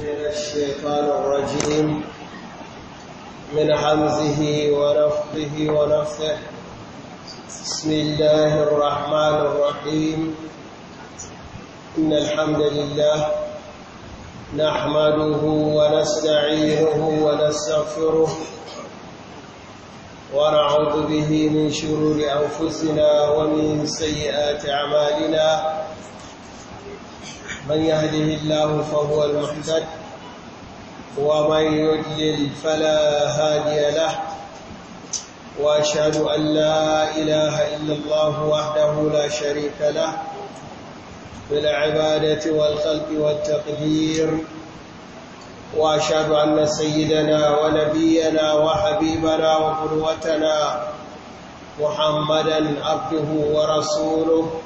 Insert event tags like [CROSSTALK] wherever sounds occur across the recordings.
من الشيطان الرجيم من همزه ورفضه ونفثه بسم الله الرحمن الرحيم إن الحمد لله نحمده ونستعينه ونستغفره ونعوذ به من شرور أنفسنا ومن سيئات أعمالنا من يهده الله فهو المحسن ومن يدلل فلا هادي له واشهد ان لا اله الا الله وحده لا شريك له في العباده والخلق والتقدير واشهد ان سيدنا ونبينا وحبيبنا وقدوتنا محمدا عبده ورسوله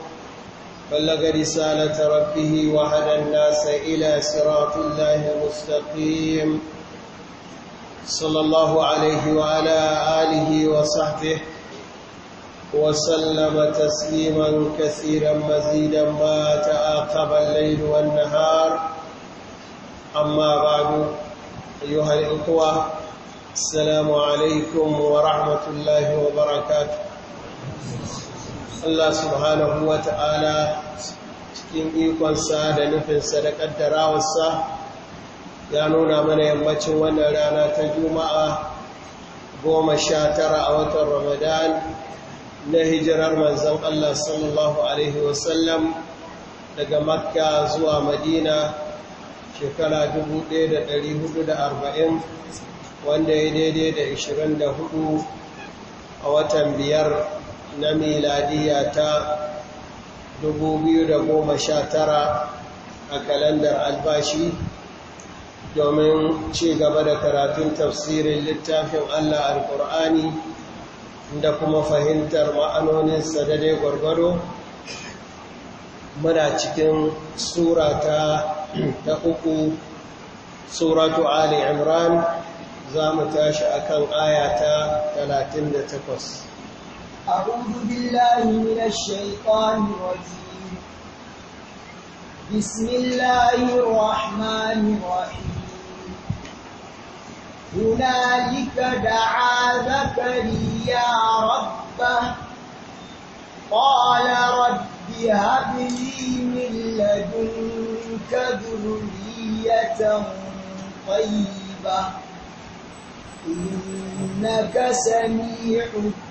بلغ رسالة ربه وهدى الناس إلى صراط الله المستقيم صلى الله عليه وعلى آله وصحبه وسلم تسليما كثيرا مزيدا ما تآقب الليل والنهار أما بعد أيها الإخوة السلام عليكم ورحمة الله وبركاته Allah subhanahu wa ta'ala cikin ikonsa da nufinsa da ƙaddarawarsa ya nuna mana yammacin wannan rana ta juma'a goma sha tara a watan ramadan na hijirar manzan Allah sallallahu Alaihi wasallam daga makka zuwa madina shekara 1440 wanda ya daidai da 24 a watan biyar na miladiya ta 2019 a kalandar albashi domin ci gaba da karatun tafsirin littafin Allah alkur'ani da kuma fahimtar ma'anoninsa da dai gwargwado muna cikin sura ta uku suratu ali imran za mu tashi akan aya ta 38 أعوذ بالله من الشيطان الرجيم بسم الله الرحمن الرحيم هنالك دعا زكريا ربه قال رب هب لي من لدنك ذرية طيبة إنك سميع الدعاء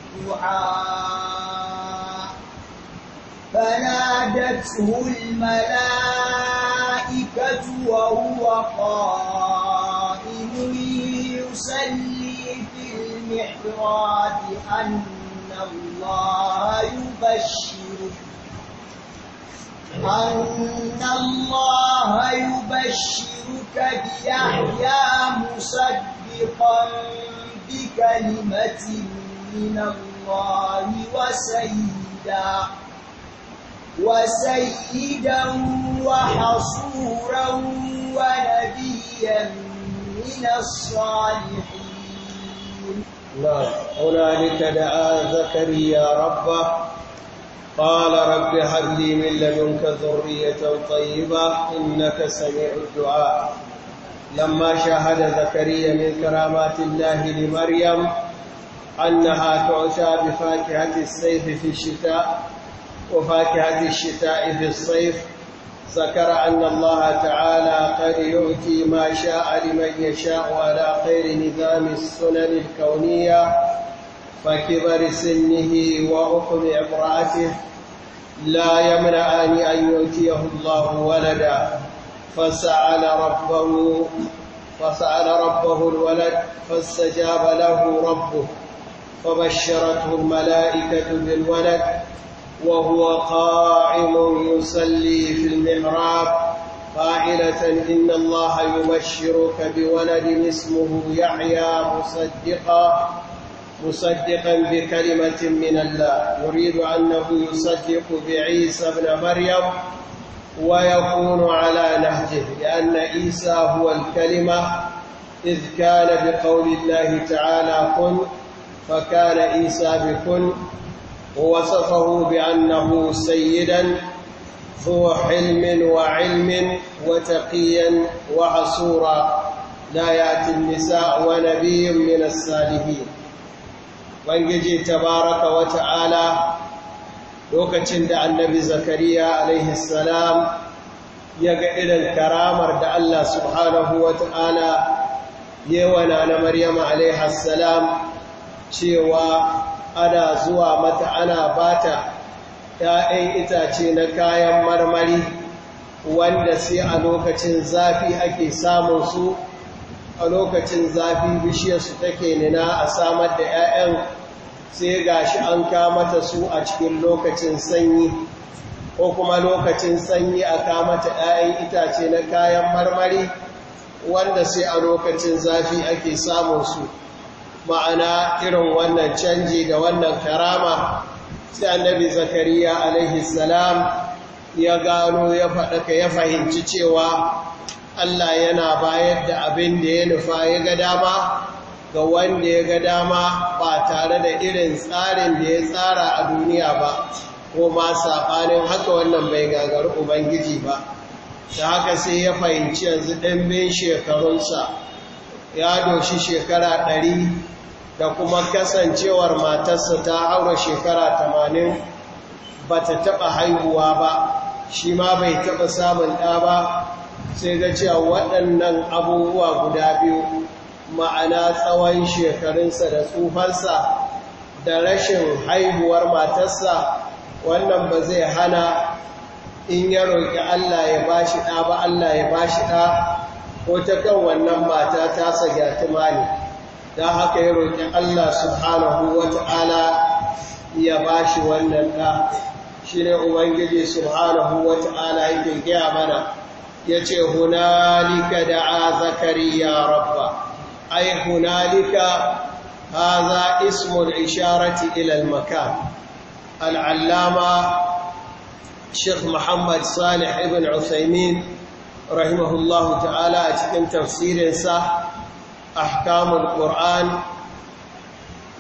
فنادته الملائكة وهو قائم يصلي في المحراب أن الله يبشرك أن الله يبشرك بيحيى مصدقا بكلمة من الله وسيدا وسيدا وحصورا ونبيا من الصالحين نعم هنالك دعا زكريا ربه قال رب هب لي من لدنك ذرية طيبة إنك سميع الدعاء لما شاهد زكريا من كرامات الله لمريم أنها تعتى بفاكهة الصيف في الشتاء وفاكهة الشتاء في الصيف ذكر أن الله تعالى قد يؤتي ما شاء لمن يشاء على خير نظام السنن الكونية فكبر سنه وحكم امرأته لا يمنعان أن يؤتيه الله ولدا فسأل ربه فسأل ربه الولد فاستجاب له ربه فبشرته الملائكة بالولد وهو قائم يصلي في المحراب قائلة إن الله يبشرك بولد اسمه يحيى مصدقا مصدقا بكلمة من الله يريد أنه يصدق بعيسى بن مريم ويكون على نهجه لأن عيسى هو الكلمة إذ كان بقول الله تعالى قل فكان عيسى بكن ووصفه بأنه سيدا ذو حلم وعلم وتقيا وعصورا لا يأتي النساء ونبي من الصالحين وانجي تبارك وتعالى lokacin da annabi zakariya alaihi salam ya ga irin karamar da Allah subhanahu wa ta'ala yewana na Maryam alaihi cewa ana zuwa mata ana bata ‘ya'yan itace na kayan marmari wanda sai a lokacin zafi ake samun su a lokacin zafi bishiyarsu take nina a samar da ‘ya'yan sai ga shi an kamata su a cikin lokacin sanyi ko kuma lokacin sanyi a kamata ‘ya'yan itace na kayan marmari wanda sai a lokacin zafi ake samun su. ma'ana irin wannan canji da wannan karama sai annabi zakariya alaihi salam ya gano ya faɗaka ya fahimci cewa Allah yana bayar da abin da ya nufa ya ga dama ga wanda ya ga dama ba tare da irin tsarin da ya tsara a duniya ba ko ma saɓanin haka wannan bai gagaru ubangiji ba da haka sai ya fahimci yanzu ɗanbin shekarunsa ya doshi shekara ɗari da kuma kasancewar matarsa ta aure shekara tamanin ba ta taɓa haihuwa ba shi ma bai taɓa samun ɗa ba sai ga cewa waɗannan abubuwa guda biyu ma'ana tsawon shekarunsa da tsufansa da rashin haihuwar matarsa wannan ba zai hana in ya roƙi Allah ya ba shi ɗa ba Allah ya ba shi ɗa ko ta kan wannan mata ta sa gyatima ne. da haka ya roƙi Allah subhanahu ta'ala ya bashi wannan da shine ubangiji subhanahu wata'ala yake gaya mana yace hunalika da'a ya rabba ai hunalika hadha ismu al-isharati ilal al-makan al-allama Sheikh Muhammad Salih ibn usaimin rahimahullahu ta'ala a cikin tafsirinsa ahkamul qur'an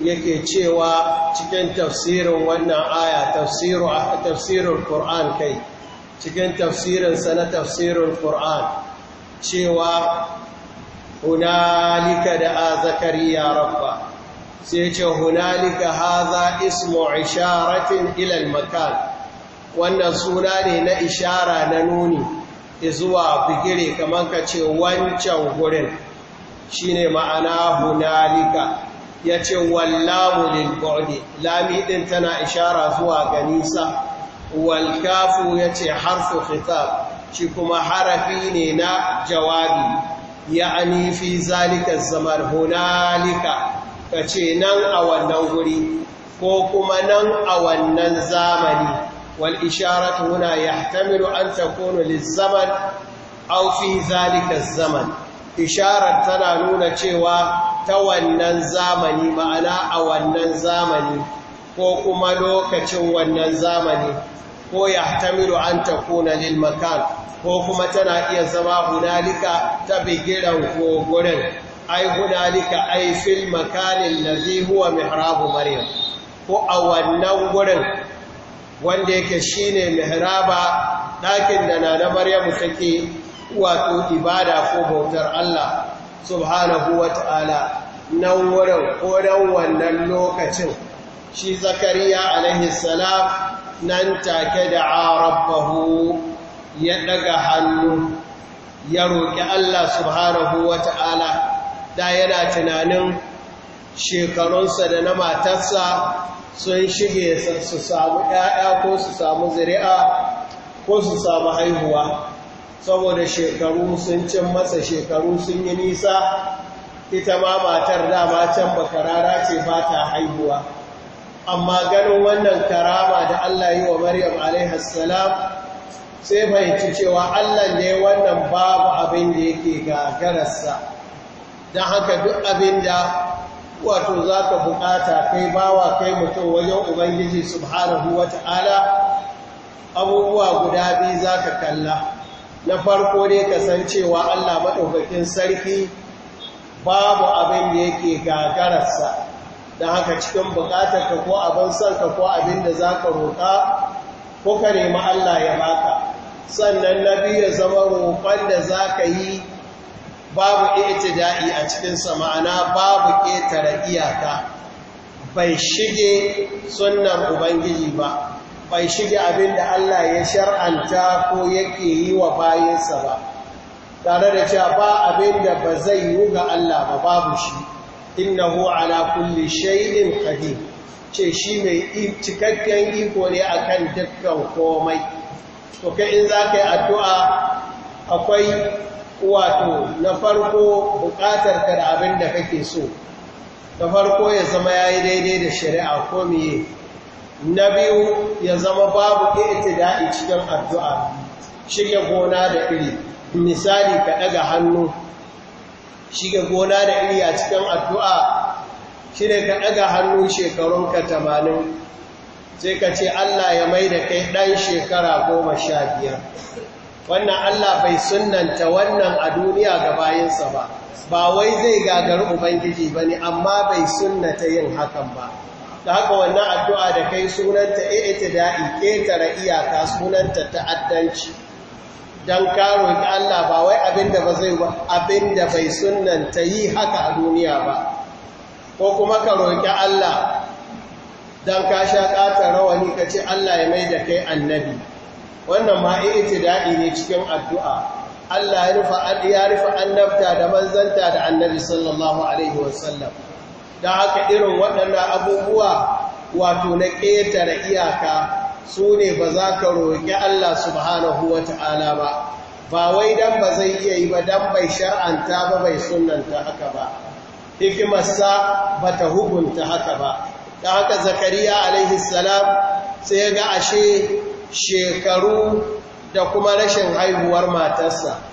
yake cewa cikin tafsirin wannan aya tafsiru tafsirul qur'an kai cikin tafsirin na tafsirul qur'an cewa hunalika da zakariya rabba sai ce hunalika haza ismu isharatin ilal makan wannan suna ne na ishara na nuni zuwa bigire kamar ka ce wancan gurin shine ma'ana hunalika yace wallamu lil lami ɗin tana ishara zuwa ga nisa walkafu kafu yace harfu shi kuma harafi ne na jawabi ya'ani fi zalika zaman Ka kace nan a wannan wuri. ko kuma nan a wannan zamani wal isharatu huna yahtamilu an takunu liz zaman aw fi zaman isharar tana nuna cewa ta wannan zamani ma'ana a wannan zamani ko kuma lokacin wannan zamani ko ya tamiru an ta kuna lilmakan ko kuma tana iya zama hunalika ta bigiran ko gurin ai hunalika ai fil makalin lazi huwa mihrabu maryam ko a wannan gurin wanda yake shine mihraba dakin da na maryam maryamu take wato ibada ko bautar Allah subhanahu wa ta'ala nan wurin wannan lokacin shi zakariya alaihissalam nan take da arabahu ya daga hannu ya roƙi Allah subhanahu wa ta'ala da yana tunanin shekarunsa da na matarsa sun shige su samu ‘ya'ya ko su samu zuri'a ko su samu haihuwa saboda shekaru sun cin masa shekaru sun yi nisa ita ma matar dama can ba karara ce ba ta haihuwa amma ganin wannan karama da Allah yi wa Maryam alaihassalam sai fahimci cewa Allah ne wannan babu abin da yake gagararsa don haka duk abin da wato za ka bukata kai bawa kai mutum wajen Ubangiji subhanahu wa ta'ala abubuwa guda biyu za ka kalla na farko dai kasancewa Allah maɗaukakin sarki babu abin da yake gagararsa da haka cikin ka ko abin sarka ko abin da za ka roƙa ko ka nemi Allah ya baka sannan na biyu ya zama roƙon da za ka yi babu da'i a cikinsa ma'ana babu ƙetare iyaka bai shige sunan Ubangiji ba bai shige abin da Allah ya shar'anta ko yake yi wa bayansa ba tare da cewa ba abin da ba zai yi ga Allah ba babu shi hu ala kulle shaidin kadi ce shi mai cikakken iko ne akan dukkan komai to kai in ka yi addu'a akwai wato na farko bukatar ka abin da kake so na farko ya zama ya yi daidai da shari'a ko miye na biyu ya zama babu itida'i cikin addu'a Shirya gona da iri misali ka daga hannu Shirya gona da iri a cikin addu'a Shirya ka daga hannu shekarunka tamanin sai ka ce Allah ya mai da kai ɗan shekara goma sha biyar wannan Allah bai sunanta wannan a duniya ga bayansa ba ba wai zai gagar ubangiji ba ne amma bai sunanta yin hakan ba da haka wannan addu'a da kai sunanta ita da'i ƙetare iyaka sunanta ta'addanci don karo ga Allah ba wai abinda ba zai abinda bai sunanta yi haka a duniya ba ko kuma ka roƙi Allah don ka sha ƙata rawani ka ce Allah ya mai da kai annabi wannan ma ita da'i ne cikin addu'a Allah ya rufe annabta da manzanta da annabi sallallahu alaihi wasallam da haka irin waɗannan abubuwa wato na ƙetare iyaka su ne ba za ka roƙi Allah subhanahu wa ta'ala ba ba wai don ba zai iya yi ba don bai shar'anta ba bai sunanta haka ba hikimarsa ba ta hukunta haka ba da haka zakariya alaihissalam sai ga ashe shekaru da kuma rashin haihuwar matarsa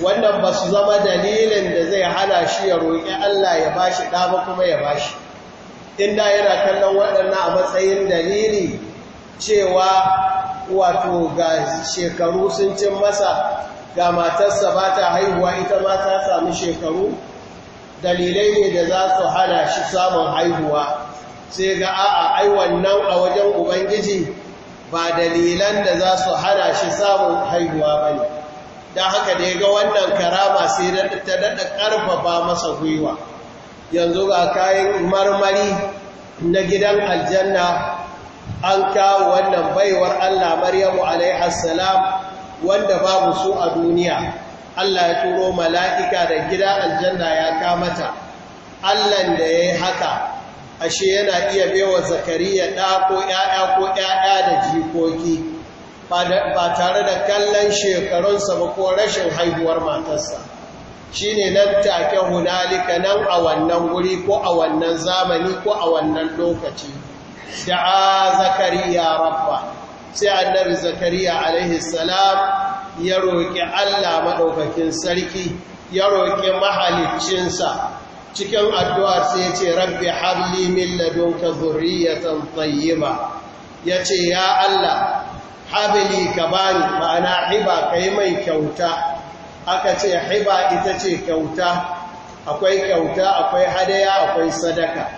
wannan ba su zama dalilin da zai hana shi ya roƙi Allah ya ba shi ɗaba kuma ya ba shi inda yana kallon waɗannan a matsayin dalili cewa wato ga shekaru sun cin masa ga matarsa ba ta haihuwa ita ma ta sami shekaru dalilai ne da za su hana shi samun haihuwa sai ga a'a ai wannan a wajen ubangiji ba dalilan da za su hana shi samun haihuwa ba ne da haka da ya ga wannan karama sai ta daɗa ƙarfafa masa gwiwa yanzu ga kayan marmari na gidan aljanna an kawo wannan baiwar Allah Maryamu alaihassalam wanda babu su a duniya Allah ya turo mala'ika da gida aljanna ya kamata Allahn da ya haka ashe yana iya bewa zakariya ɗa ko ‘ya'ya ko ‘ya'ya da jikoki ba tare da kallon shekarunsa ba ko rashin haihuwar matarsa shi ne nan take hunalika nan a wannan wuri ko a wannan zamani ko a wannan lokaci Da a zakariya rabba sai annabi zakariya alaihi salam ya roƙi allah maɗaukakin sarki ya roƙi mahaliccinsa cikin addu'ar sai ce rabbi harli min ladunka zurriyatan ba. ya ce ya Allah habili ka bani ma'ana hiba ka yi mai kyauta aka ce hiba ita ce kyauta akwai kyauta akwai hadaya akwai sadaka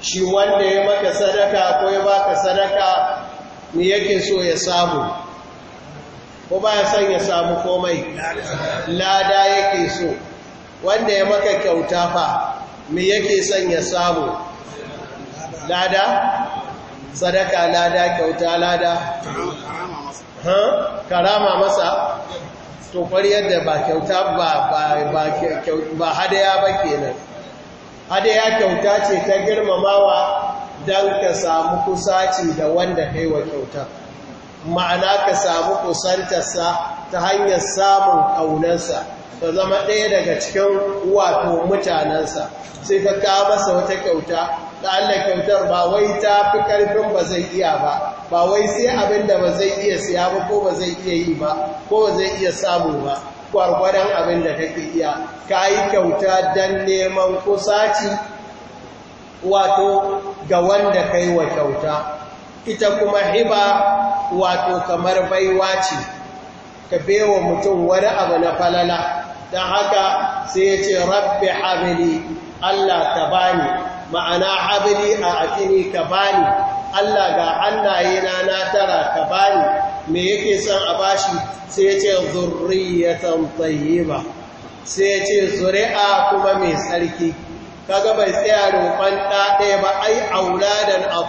shi wanda ya maka sadaka akwai baka sadaka ni yake so ya samu ko ba ya son ya samu komai lada yake so wanda ya maka kyauta fa me yake son ya samu lada sadaka lada kyauta lada karama masa to yadda ba kyauta ba hadaya ba kenan hadaya kyauta ce ta girmamawa don ka samu kusaci da wanda kai wa kyauta ma'ana ka samu kusantarsa ta hanyar samun ƙaunarsa ta zama ɗaya daga cikin wato mutanensa sai ka kawo masa wata kyauta kyautar ba wai ta fi karfin ba zai iya ba ba wai sai abin da ba zai iya siya ba ko ba zai iya yi ba ko ba zai iya samu ba gwargwadon abin da take iya ka yi kyauta don neman kusaci wato ga wanda ka yi wa kyauta ita kuma hiba wato kamar baiwa ce ka bewa mutum wani abu na falala don haka sai ya ce rabbi hamili Allah ta bani ma'ana habili a atini ka bani Allah ga hannayena na tara ka bani me yake son a bashi sai ya ce zurriyatan tayyiba sai ya ce zuri'a kuma mai tsarki kaga bai tsaya roƙon ɗaɗe ba ai auladan a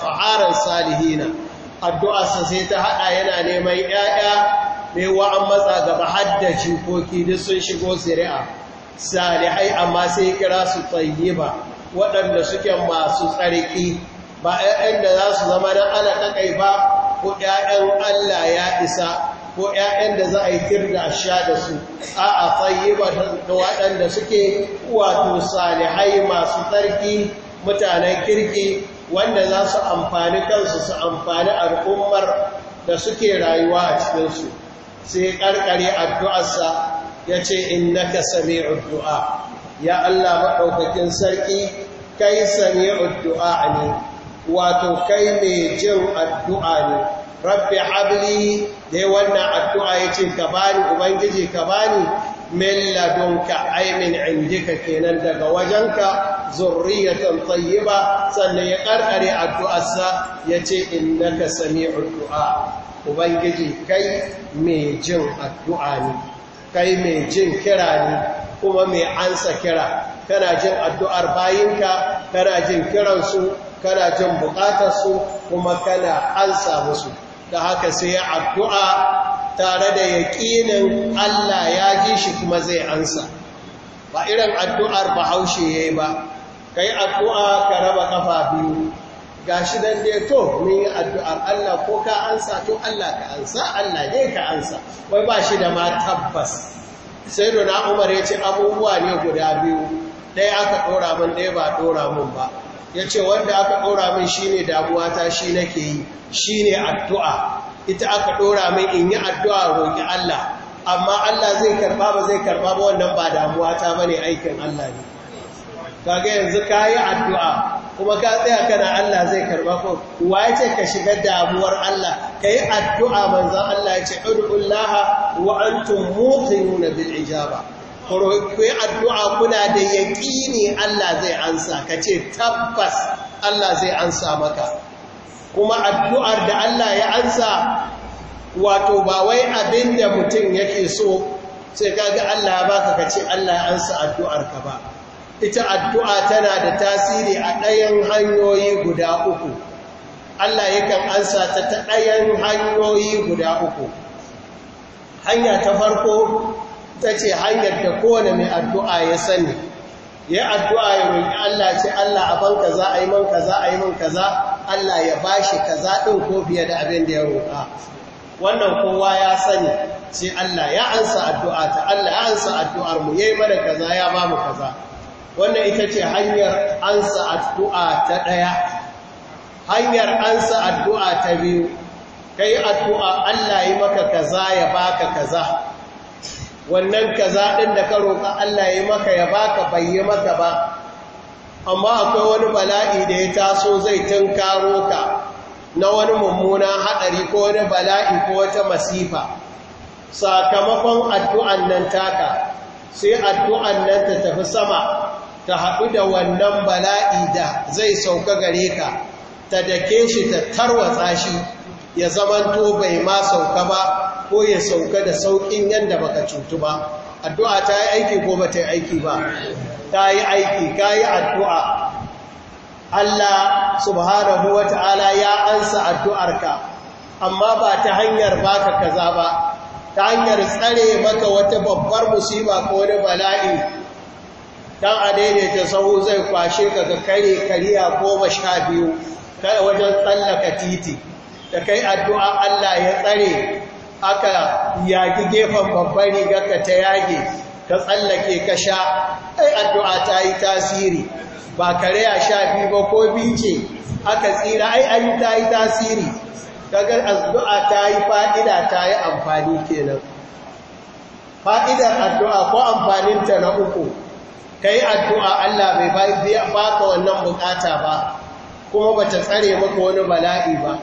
salihina salihina sa sai ta haɗa yana neman ‘ya'ya mai wa'an matsa gaba da jikoki duk sun shigo zuri'a salihai amma sai kira su tayyiba waɗanda suke masu tsarki ba ‘ya'yan da za su zama na ana ɗaƙai ba ko ‘ya'yan Allah ya isa ko ‘ya'yan da za a yi kirna sha da su a a tsayi waɗanda suke wato salihai masu tsarki mutanen kirki wanda za su amfani kansu su amfani al'ummar da suke rayuwa a cikinsu sai ƙarƙare addu'arsa ya ce in naka sami addu'a ya Allah maɗaukakin sarki kai sami addu'a ne wato kai mai jin addu'a ne rabbi habli dai wannan addu'a yace ka bani ubangiji ka bani min aimin ay min indika kenan daga wajenka zurriyatan ba, sannan ya ƙarƙare addu'arsa ya ce yace innaka sami addu'a. ubangiji kai mai jin addu'a ne kai mai jin kira ne kuma mai ansa kira kana jin addu'ar bayinka kana jin kiransu kana jin bukatarsu kuma kana ansa musu da haka sai ya addu'a tare da yaƙinin Allah ya ji shi kuma zai ansa ba irin addu'ar bahaushe ya yi ba kai addu'a ka raba ƙafa biyu ga shi don dai to mun yi addu'ar Allah ko ka ansa to Allah ka ansa Allah ne ka ansa wai ba shi da ma tabbas sai da umar ya ce abubuwa ne guda biyu ɗaya aka ɗora min ɗaya ba ɗora min ba ya ce wanda aka ɗora min shi ne damuwata shi nake yi shi ne addu'a ita aka ɗora min in yi addu'a roƙi Allah amma Allah zai karɓa ba zai karɓa ba wannan ba damuwata ba ne aikin Allah ne kaga yanzu ka yi addu'a kuma ka tsaya kana Allah zai karɓa ko wa ya ce ka shiga damuwar Allah ka yi addu'a manzan Allah ya ce ɗanu'ullaha wa an tun mutu nuna bil ijaba kurokwai addu'a kuna da ne Allah zai ansa ka ce tabbas Allah zai ansa maka kuma addu'ar da Allah ya ansa wato ba wai abin da mutum yake so sai kaga Allah ba ka ce Allah ya ansa addu'arka ba ita addu'a tana da tasiri a ɗayan hanyoyi guda uku Allah yakan ansa ta ta ɗayan hanyoyi guda uku hanya ta farko ta ce hanyar da kowane mai addu'a ya sani ya addu'a ya roƙi Allah ce Allah abin ka za a yi man ka za a yi man ka za Allah ya ba shi ka za ɗin ko fiye da abin da ya roƙa wannan kowa ya sani ce Allah ya ansa addu'a ta Allah ya ansa addu'ar mu ya yi mana ka za ya ba mu ka za wannan ita ce hanyar ansa addu'a ta ɗaya hanyar ansa addu'a ta biyu ka yi addu'a Allah yi maka kaza ya ba ka kaza wannan kaza ɗin da ka roƙa Allah ya maka ya baka bayi maka ba amma akwai wani bala'i da ya taso zai tunkaro ka na wani mummuna haɗari ko wani bala'i ko wata masifa sakamakon addu'an nan taka sai addu'an nan ta tafi sama ta haɗu da wannan bala'i da zai sauka gare ka ta dake shi ta tarwatsa shi ya zamanto bai ma sauka ba ko ya sauka da saukin yadda baka cutu ba addu'a ta yi aiki ko ba ta yi aiki ba ta yi aiki ka yi addu'a Allah subhanahu wa ta'ala ya ansa addu'arka amma ba ta hanyar baka kaza ba ta hanyar tsare maka wata babbar musiba ko wani bala'i dan a ta sahu zai kwashe ka ga kare kariya ba sha biyu kai wajen tsallaka titi da kai addu'a Allah ya tsare aka yaki gefen babban ka ta yage ka tsallake ka sha ai addu'a ta yi tasiri ba kare ya sha biyu ba ko bince aka tsira ai an ta yi tasiri kagar addu'a ta yi fa'ida ta yi amfani kenan fa'idar addu'a ko amfanin ta na uku ka yi addu'a Allah bai baka wannan bukata ba kuma ba ta tsare maka wani bala'i ba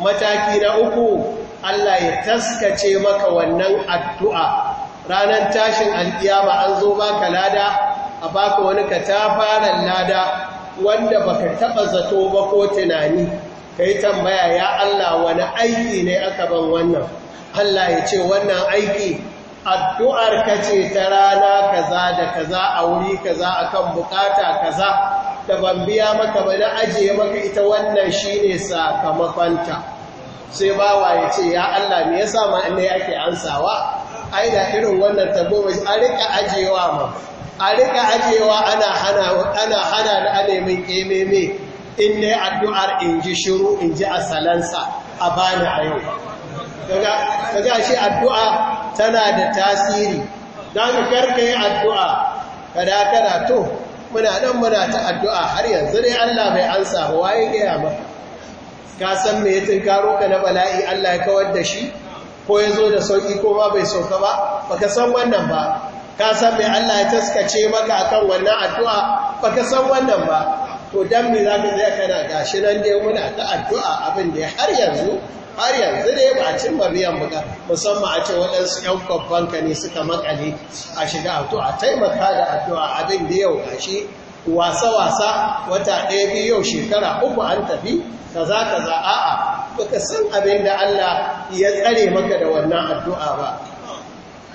mataki na uku Allah ya taskace maka wannan addu'a ranar tashin alƙiyama an zo ba ka lada a baka wani katafaren lada wanda ba ka taɓa zato ba ko tunani ka yi tambaya ya Allah wani aiki ne aka ban wannan Allah ya ce wannan aiki addu'ar ka ce ta rana kaza da kaza a wuri kaza kan bukata kaza da ban biya maka ba na ajiye maka ita wannan shi ne sakamakonta sai bawa ya ce ya Allah me yasa ma annai ake ansawa ai da irin wannan tabbobin a rika ajewa ma a rika ajewa ana hana ana hana da alemin kememe in ne addu'ar in ji shiru in ji asalansa a bani a yau daga shi addu'a tana da tasiri don karka yi addu'a kada kada to muna ɗan muna ta addu'a har yanzu ne Allah bai ansa ba waye gaya maka ka san me ya tinkaro ka na bala'i Allah ya kawar da shi ko ya zo da sauƙi ko ba bai sauka ba baka san wannan ba ka san me Allah ya taskace maka akan wannan addu'a baka san wannan ba to dan me zaka tsaya kana gashi nan dai muna ta addu'a abin da har yanzu har yanzu dai ba cin ba biyan buka musamman a ce waɗansu ƴan kwabbanka ne suka makale a shiga addu'a taimaka da addu'a abin da yau gashi wasa-wasa wata ɗaya biyu yau shekara uku an tafi kaza kaza a'a baka san abin da Allah ya tsare maka da wannan addu'a ba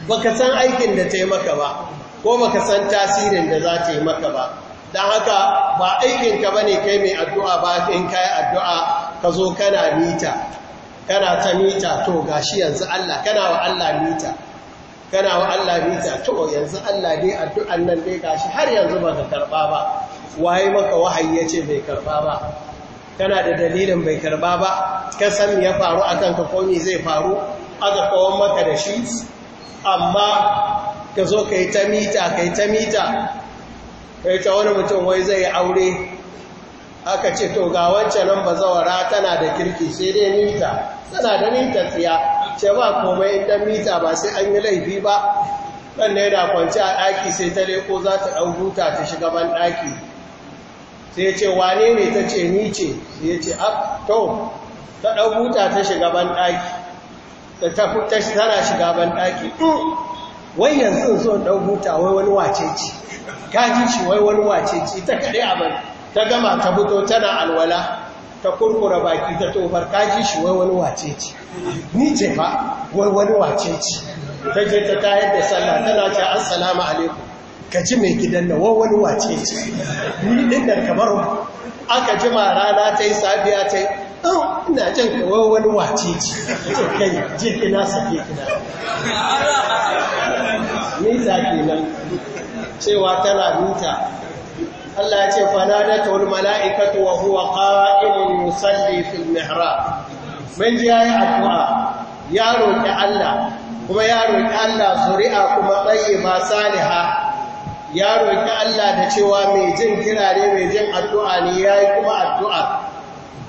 baka san aikin da ta yi maka ba ko baka san tasirin da za ta yi maka ba don haka ba aikinka ba ne kai mai addu'a ba in ka yi addu'a ka zo kana mita kana ta mita to gashi yanzu Allah kana wa Allah mita kana wa Allah ta to yanzu Allah dai addu'an nan dai gashi har yanzu baka karba ba waye maka wahayi yace bai karba ba kana da dalilin bai karba ba ka san ya faru akan ka ko zai faru aka kawo maka da shi amma ka zo kai ta mita kai ta mita kai ta wani mutum wai zai aure aka ce to ga wancan nan bazawara tana da kirki sai dai mita tana da ninta tsiya ce ba komai ɗan mita ba sai an yi laifi ba ɗan da yana kwanci a ɗaki sai ta leko za ta ɗan huta ta shiga ban ɗaki sai ce wane ne ta ce ni ce sai ce a ah, to ta ɗan huta ta shiga ban ɗaki ta tafi tana shiga ban ɗaki mm, wai yanzu so ɗan huta wai wani wace ci gajin shi wai wani ci ta kaɗai abin ta gama ta fito tana alwala ta kurkura baki ta tofar kaji shi wai wani wace ce ni ce ba wai wani wace ce ta je ta tayar da sallah tana ce assalamu alaikum ka ji mai gidan na wai wani wace ce ni din nan kamar aka ji ma rana ta yi sabiya ta yi oh, ina jan ka wai wani wace ce to kai ji kina sake kina ni zafi nan cewa tana huta Allah ya ce fanadatu al wa huwa qa'imun yusalli fil mihrab mun ji yayi addu'a ya roki Allah kuma ya roki Allah zuri'a kuma tayyiba saliha ya roki Allah da cewa mai jin kirare mai jin addu'a ne yayi kuma addu'a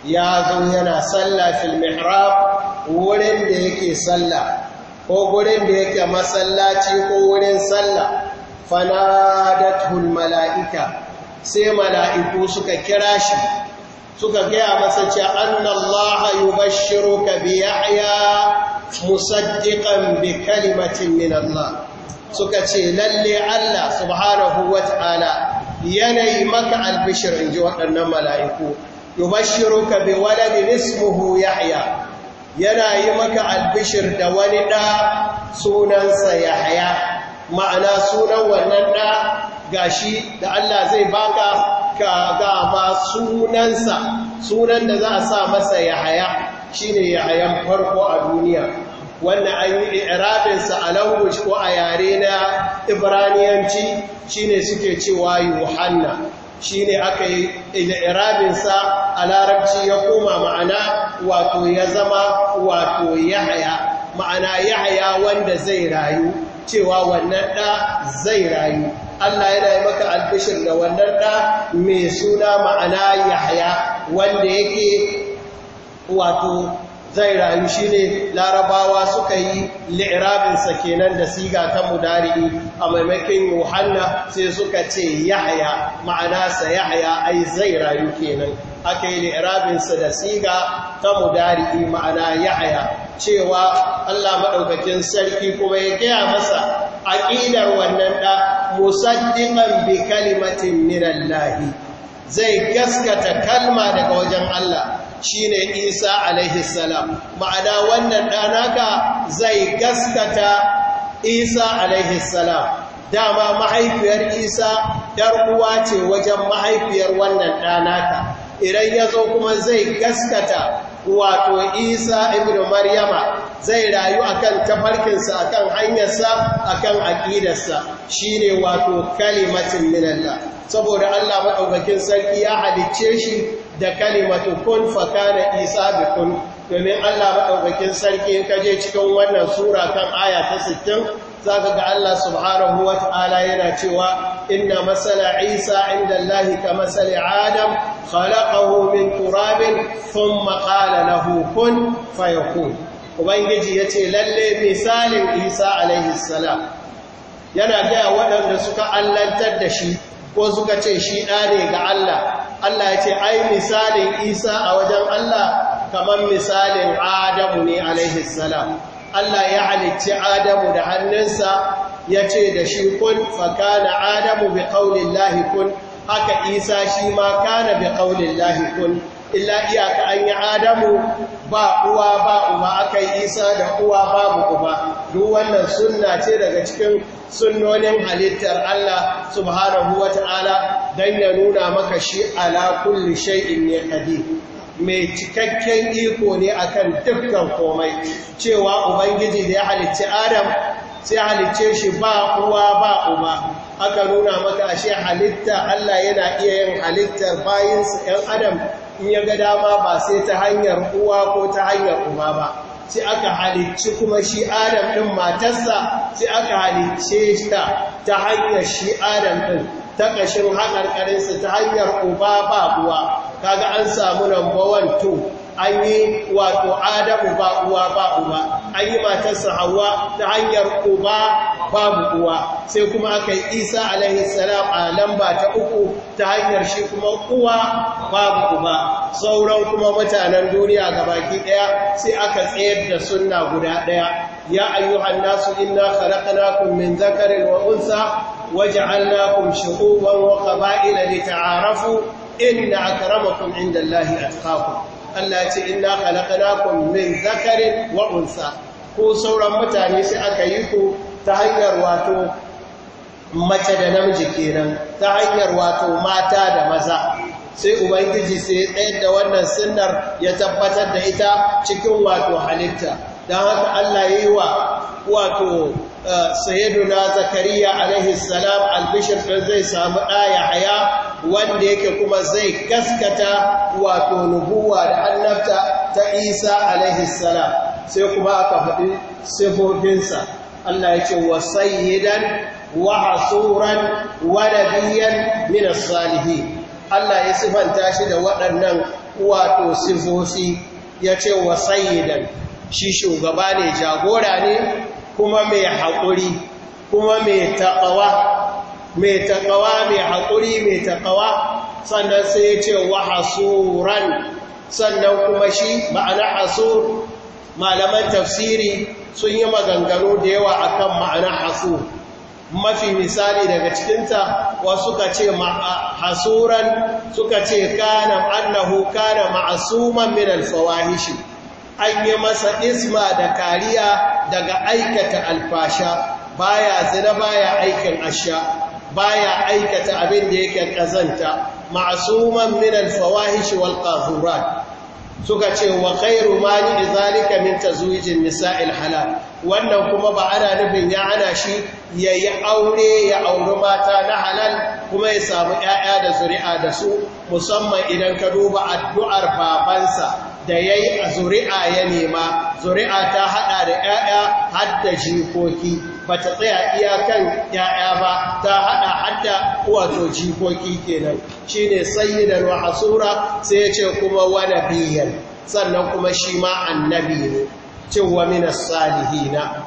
ya zo yana sallah fil mihrab wurin da yake salla, ko gurin da yake masallaci ko wurin salla fanadatul mala'ika sai mala'iku suka kira shi suka gaya masa ce annallaha yubashshiruka bi yahya musaddiqan bi kalimatin min suka ce lalle Allah subhanahu wata'ala yanayi maka albishirin ji waɗannan mala'iku ka bi waladin ismuhu yahya yana yi maka albishir da wani ɗa sunansa ya'ya. ma'ana sunan wannan ɗa gashi da Allah zai baka ka ga sunansa sunan da za a sa masa yahaya shine yahayan farko a duniya wannan an yi irabinsa a language ko a yare na ibraniyanci shine suke cewa yohanna shine aka yi irabinsa a larabci ya koma ma'ana wato ya zama wato yahaya ma'ana yahaya wanda zai rayu cewa wannan ɗa zai rayu Allah yana yi maka albishir da wannan ɗa mai suna ma'ana yahaya. wanda yake wato zai rayu shi ne larabawa suka yi li'irabinsa kenan da siga ta mudari a maimakon yohanna sai suka ce yahya ma'ana sa yahya ai zai rayu kenan aka yi li'irabinsa da siga ta mudari ma'ana yahaya. cewa allah maɗaukakin sarki kuma ya gaya masa aqidar wannan da musaddiqan bi kalimatin min Allah zai gaskata kalma daga wajen Allah shine Isa alaihi salam ma'ana wannan da zai gaskata Isa alaihi salam dama mahaifiyar Isa dar uwa ce wajen mahaifiyar wannan da naka idan zo kuma zai gaskata wato isa ibn maryama zai rayu akan tafarkinsa akan hanyarsa akan aqidarsa shine wato kalimatin minalla saboda Allah madaukakin sarki ya halicce shi da kalimatu kun fakana isa bi kun domin Allah madaukakin sarki in kaje cikin wannan sura kan aya ta 60 zaka ga Allah subhanahu Ta'ala yana cewa masala Isa inda عند الله كمثل آدم خلقه من تراب ثم قال na hukun فيكون ubangiji ya ce lalle misalin isa alaihissalam yana gaya waɗanda suka allantar da shi ko suka ce shi ɗane ga Allah Allah ya ce ai misalin isa a wajen Allah kamar misalin adamu ne alaihissalam Allah ya halicci adamu da hannunsa ya ce da shi kun fakana adamu bi ƙaunin lahikun haka isa shi ma kana bi ƙaunin lahikun illa iyaka an yi adamu ba uwa ba uba aka yi isa da uwa babu uba duk wannan sunna ce daga cikin sunnonin halittar Allah subhanahu wa ta'ala don ya nuna maka shi ala kulli shay'in ne kadi. mai cikakken iko ne akan dukkan komai cewa ubangiji da ya halicci adam sai halicce shi ba uwa ba uba aka nuna maka ashe halitta Allah yana iya yin halittar bayinsa ‘yan adam in ya ga dama ba sai ta hanyar uwa ko ta hanyar uba ba sai aka halicci kuma shi adam ɗin matarsa sai aka halicce ta ta hanyar shi adam ɗin ta ƙashin haƙarƙarinsa ta hanyar uba ba uwa kaga an samu number one an wato adamu ba uwa ba uwa an yi matarsa hawa ta hanyar uba babu uwa sai kuma aka yi isa alaihi salam a lamba ta uku ta hanyar shi kuma uwa babu uba sauran kuma mutanen duniya gabaki daya sai aka tsayar da sunna guda daya ya ayyuhan nasu inna khalaqnakum min dhakarin wa unsa waj'alnakum shu'uban wa qaba'ila lita'arafu inna akramakum 'indallahi atqakum Allah ce inna khalaqnakum min zakarin wa unsa ko sauran mutane sai aka yi ku ta hanyar wato mace da namiji kenan ta hanyar wato mata da maza sai ubangiji sai tsayar da wannan sunnar ya tabbatar da ita cikin wato halitta don haka Allah yayi yi wa wato sayyiduna zakariya alaihi salam albishir ɗin zai samu ɗaya haya wanda yake kuma zai gaskata wato nubuwa da annabta ta isa alaihi salam sai kuma aka faɗi sifofinsa Allah ya ce wa sayyidan wa asuran wa nabiyan min as-salihin Allah ya sifanta shi da waɗannan wato sifofi ya ce wa sayyidan shi shugaba ne jagora ne kuma mai haƙuri kuma mai taƙawa mai taƙawa mai haƙuri mai taƙawa sannan sai ya ce wa hasuran sannan kuma shi ma'ana hasur malaman tafsiri sun yi maganganu da yawa a kan ma'ana hasur mafi misali daga cikinta wasu suka ce hasuran suka ce kana annahu kanan ma'asuman min alfawahishi an yi masa isma da kariya daga aikata alfasha baya zina baya aikin asha baya aikata abin da yake kazanta ma'asuman min al-fawahish wal qahurat suka ce wa khairu mani zalika min tazwijin nisa'il halal wannan kuma ba ana nufin ya ana shi yayi aure ya auri mata na halal kuma ya samu ƴaƴa da zuri'a da su musamman idan ka duba addu'ar babansa da ya yi a zuri'a ya nema zuri'a ta hada da ‘ya'ya hadda jikoki ba ta tsaya kan ‘ya'ya ba ta hada hadda wato jikoki kenan shi ne sayi da tsura sai ce kuma wada biyan sannan kuma shi ma annabi ne cewa mina salihina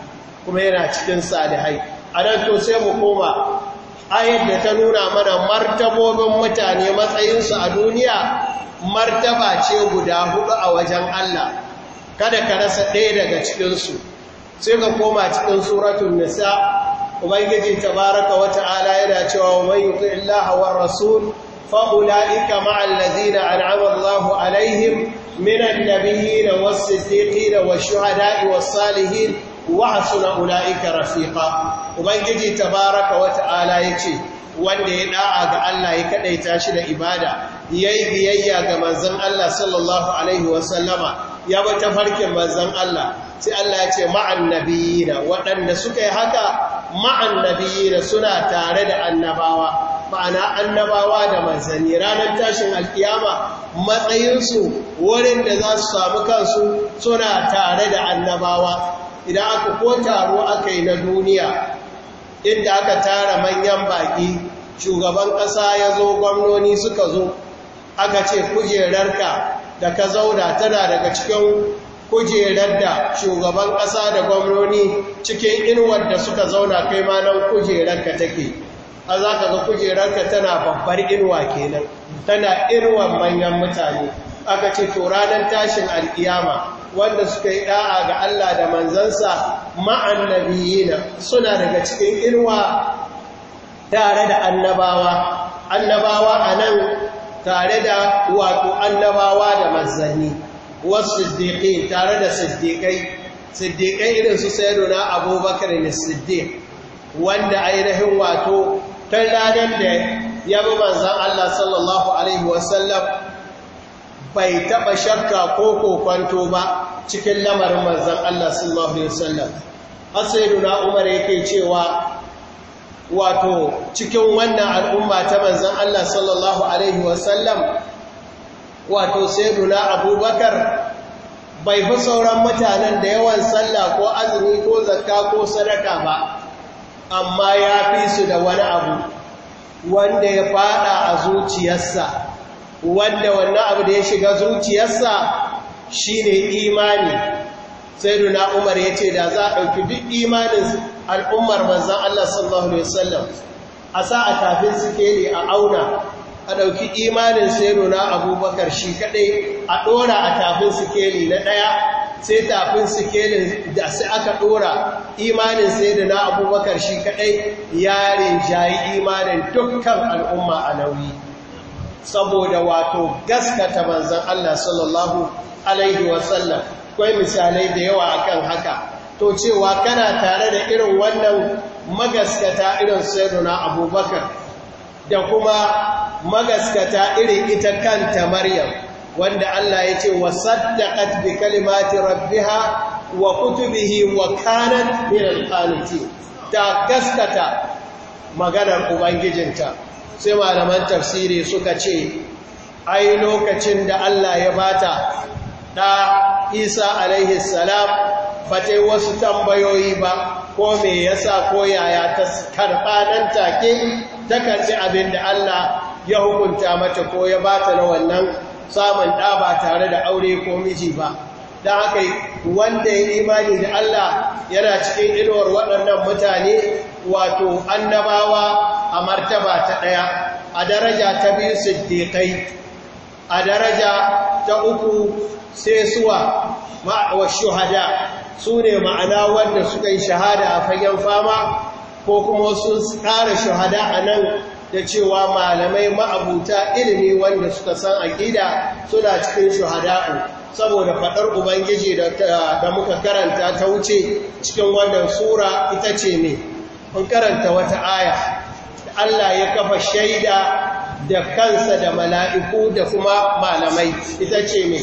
kuma yana cikin salihai a nan to sai mu koma ayar da ta nuna mana martabobin mutane matsayinsu a duniya martaba ce guda hudu a wajen Allah kada ka rasa ɗaya daga cikinsu sai ka koma cikin suratun nisa ubangiji tabaraka wa ta'ala yana cewa wa man yuti illaha war rasul fa ulaika ma'al ladzina an'ama Allahu alaihim minan nabiyyin was-siddiqin wash-shuhada'i was-salihin wa hasuna ulaika rafiqa ubangiji tabaraka wa ta'ala yace wanda ya da'a ga Allah ya kadaita shi da ibada yi biyayya ga manzan Allah sallallahu alaihi wasallama ya bi farkin manzan Allah sai Allah ya ce ma'an nabiyina waɗanda suka yi haka ma'an nabiyina suna tare da annabawa ma'ana annabawa da manzanni ranar tashin alkiyama matsayinsu wurin da za su samu kansu suna tare da annabawa idan aka ko taro aka yi na duniya inda aka tara manyan baƙi, shugaban ƙasa ya zo gwamnoni suka zo aka ce kujerarka da ka zauna tana daga cikin kujerar da shugaban ƙasa da gwamnoni cikin inuwar da suka zauna kai ma nan kujerarka take a za ka ga kujerarka tana babbar inuwa kenan tana inuwar manyan mutane aka ce to ranar tashin alkiyama wanda suka yi ɗa'a ga Allah da manzansa ma'annabiyina suna daga cikin inuwa tare da annabawa annabawa a nan tare da wato annabawa da Mazzani, wasu siddiƙi tare da siddiƙai siddiƙai irin su na abubakar da siddiƙ wanda ainihin wato tun ranar da ya bi manzan Allah sallallahu alaihi wasallam bai taɓa shakka ko kokwanto ba cikin lamarin manzan Allah sallallahu alaihi wasallam har na umar yake cewa wato cikin wannan al'umma ta manzan Allah sallallahu Alaihi wasallam wato sai duna abubakar bai fi sauran mutanen da yawan sallah ko azumi ko zakka ko sadaka ba amma ya fi su da wani abu wanda ya fada a zuciyarsa wanda wannan abu da ya shiga zuciyarsa shi ne imani duna umar ya ce da za a ɗauki duk imanin al'ummar manzan Allah sallallahu Alaihi wasallam a sa a tafin sikeli a auna a ɗauki imanin duna abubakar shi kaɗai a ɗora a tafin sikeli na ɗaya sai tafin ne da sai aka ɗora imanin duna abubakar shi kaɗai ya rinjayi imanin dukkan al'umma a nauyi saboda wato gaskata manzan Allah sallallahu Alaihi wasallam akwai misalai da yawa akan haka to cewa kana tare da irin wannan magaskata irin sayyiduna abubakar da kuma magaskata irin ita kanta maryam wanda Allah ya ce wa saddaqat bi kalimati rabbiha wa kutubihi wa kanat min al-qanitin ta gaskata maganar ubangijinta sai malaman tafsiri suka ce ai lokacin da Allah ya bata da isa alaihi salam ba ta yi wasu tambayoyi ba ko me yasa ko yaya ta karɓa nan take ta karɓi abin da Allah ya hukunta mata ko ya ba ta na wannan samun ɗa ba tare da aure ko miji ba don haka wanda ya imani da Allah yana cikin inuwar waɗannan mutane wato annabawa a martaba ta ɗaya a daraja ta biyu siddiƙai a daraja ta uku sai suwa wa shuhada su ne ma'ana wanda suka yi shahada a fagen fama ko kuma sun tsara shahada a nan da cewa malamai ma'abuta ilimi wanda suka san aƙida suna cikin shuhada'u saboda faɗar ubangiji da muka karanta ta wuce cikin wannan sura ita ce ne kun karanta wata aya Allah ya kafa shaida da kansa da mala'iku da kuma malamai ita ce mai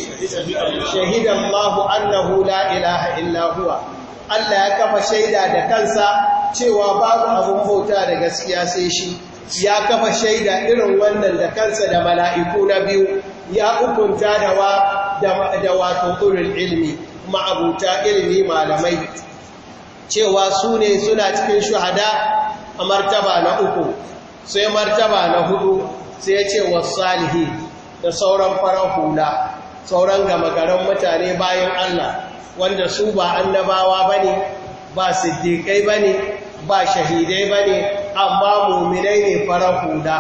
shahidan mahu annahu la ilaha illahuwa Allah ya kafa shaida da kansa cewa babu abin bauta da gaskiya sai shi ya kafa shaida irin wannan da kansa da mala'iku na biyu ya hukunta da wato turin ilmi ma'abuta ilmi malamai cewa su ne suna cikin shuhada a martaba na uku sai martaba na hudu sai ya ce salihi da sauran farar hula sauran gamagaran mutane bayan Allah wanda su ba annabawa ba ne ba siddiƙai ba ne ba shahidai ba ne amma muminai ne farar hula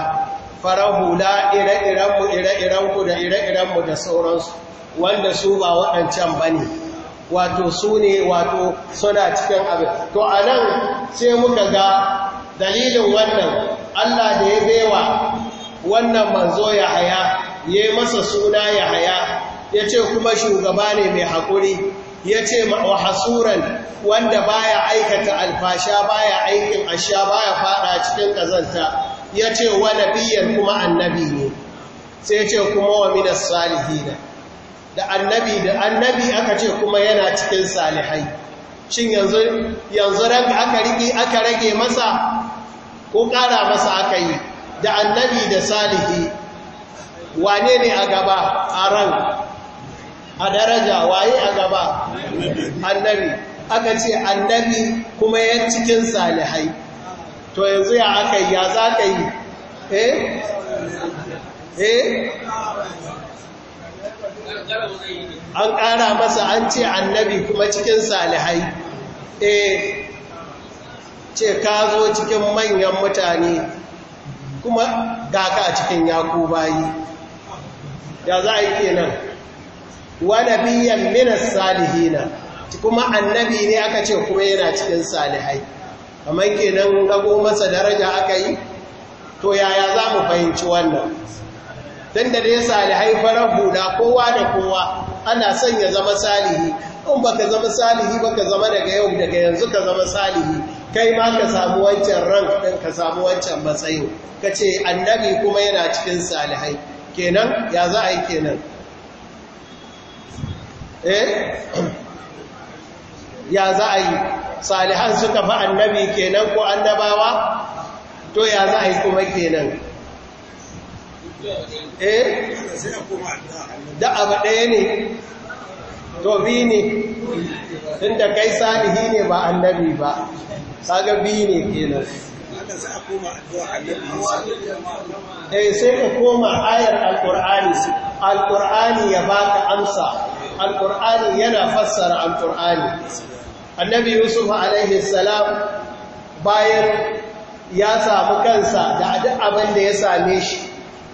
farar hula ire-irenmu ire-irenku da ire-irenmu da sauransu wanda su ba waɗancan ba ne wato su ne wato suna cikin abu to a nan sai muka ga dalilin wannan Allah da ya bewa wannan manzo ya haya ya masa suna ya haya ya ce kuma shugaba ne mai haƙuri ya ce hasuran wanda baya aikata alfasha baya aikin asha baya fada cikin ƙazanta ya ce wa nabiyan kuma annabi ne sai ce kuma wa minas salihina da annabi da annabi aka ce kuma yana cikin salihai shin yanzu ranka aka rage masa ko ƙara masa aka yi da annabi da salihi wane ne a gaba a ran a daraja waye a gaba annabi aka ce annabi kuma yan cikin salihai to yanzu ya aka yi ya za ka yi eh eh an ƙara masa an ce annabi kuma cikin salihai eh ce ka zo cikin manyan mutane kuma ga ka a cikin yaku bayi ya za a yi kenan wa biyan minas na kuma annabi ne aka ce kuma yana cikin salihai kamar kenan rago masa daraja aka yi to yaya za mu fahimci wannan don da dai salihai farar huda kowa da kowa ana son ya zama salihi in baka zama salihi baka zama daga yau daga yanzu ka zama salihi kai ma ka samu wancan rank ɗin ka samu wancan matsayin ka ce annabi kuma yana cikin salihai kenan ya za a yi kenan eh [CLEARS THROAT] ya za a yi salihan suka fi annabi kenan ko annabawa to ya za a yi kuma kenan eh da abu ɗaya ne to bi ne tun da kai salihi ne ba annabi ba saga bi ne kenan ya eh, sai ka koma ayar alqur'ani alkur'ani ya baka amsa alkur'ani yana fassara alkur'ani annabi yusuf alaihi salam bayan ya samu kansa da duk abin ya same shi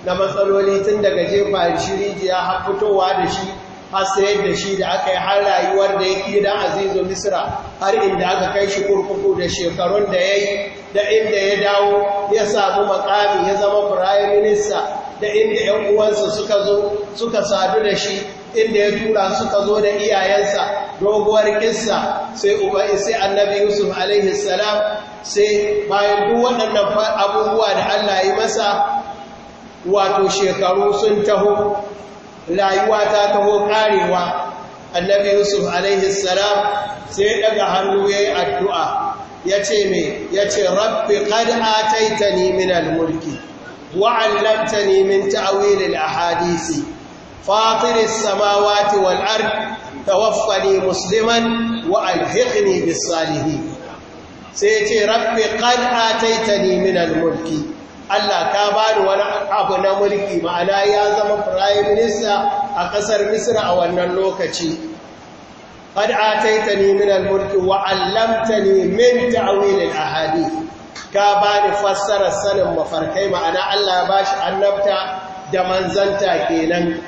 na matsaloli tun daga jefa shiriji ya fitowa da shi har sayar da shi da aka yi har rayuwar da ya kira azizu misra har inda aka kai shi kurkuku da shekarun da ya yi da inda ya dawo ya samu makami ya zama prime minista da inda ‘yan uwansa suka zo suka sadu da shi inda ya tura suka zo da iyayensa doguwar kissa sai uba sai annabi yusuf alaihi salam sai bayan duk waɗannan abubuwa da allah ya yi masa wato shekaru sun taho rayuwa ta taho karewa annabi yusuf alaihi salam sai daga hannu yayi addu'a yace me yace rabbi qad ataitani min al-mulki wa 'allamtani min ta'wil al-ahadisi fatir as-samawati wal-ard tawaffani musliman wa alhiqni bis-salihin sai yace rabbi qad ataitani min al-mulki Allah ta ba da wani abu na mulki ma'ana ya zama prime minister a ƙasar misra a wannan lokaci yi ta min al-mulki wa 'allamtani min ta'wil a ahadith ka bani fassara sanin mafarkai ma'ana Allah ya bashi annabta da manzanta kenan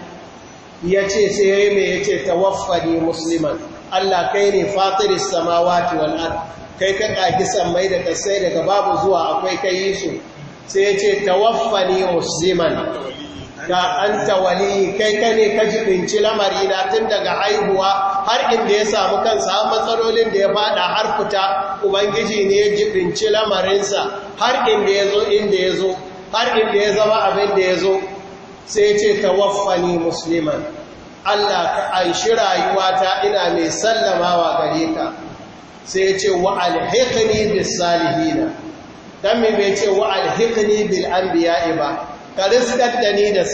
yace sai yayi me yace tawaffani musliman Allah kai ne fatiris samawati wal kai ka kaki sammai da sai daga babu zuwa akwai kai su sai ya ce tawaffani musliman ka an tawali kai ka ne ka jibinci lamari na tun daga haihuwa har inda ya samu kansa matsalolin da ya fada har fita ubangiji ne ya jibinci lamarinsa har inda ya zo inda ya zo har inda ya zama abin da ya zo sai ce tawaffani musliman Allah ka aishi ta ina mai sallamawa gare ka sai ce wa alhaikani bis salihina dan me bai ce wa alhiqni bil anbiya'i ba ka riskar da ni da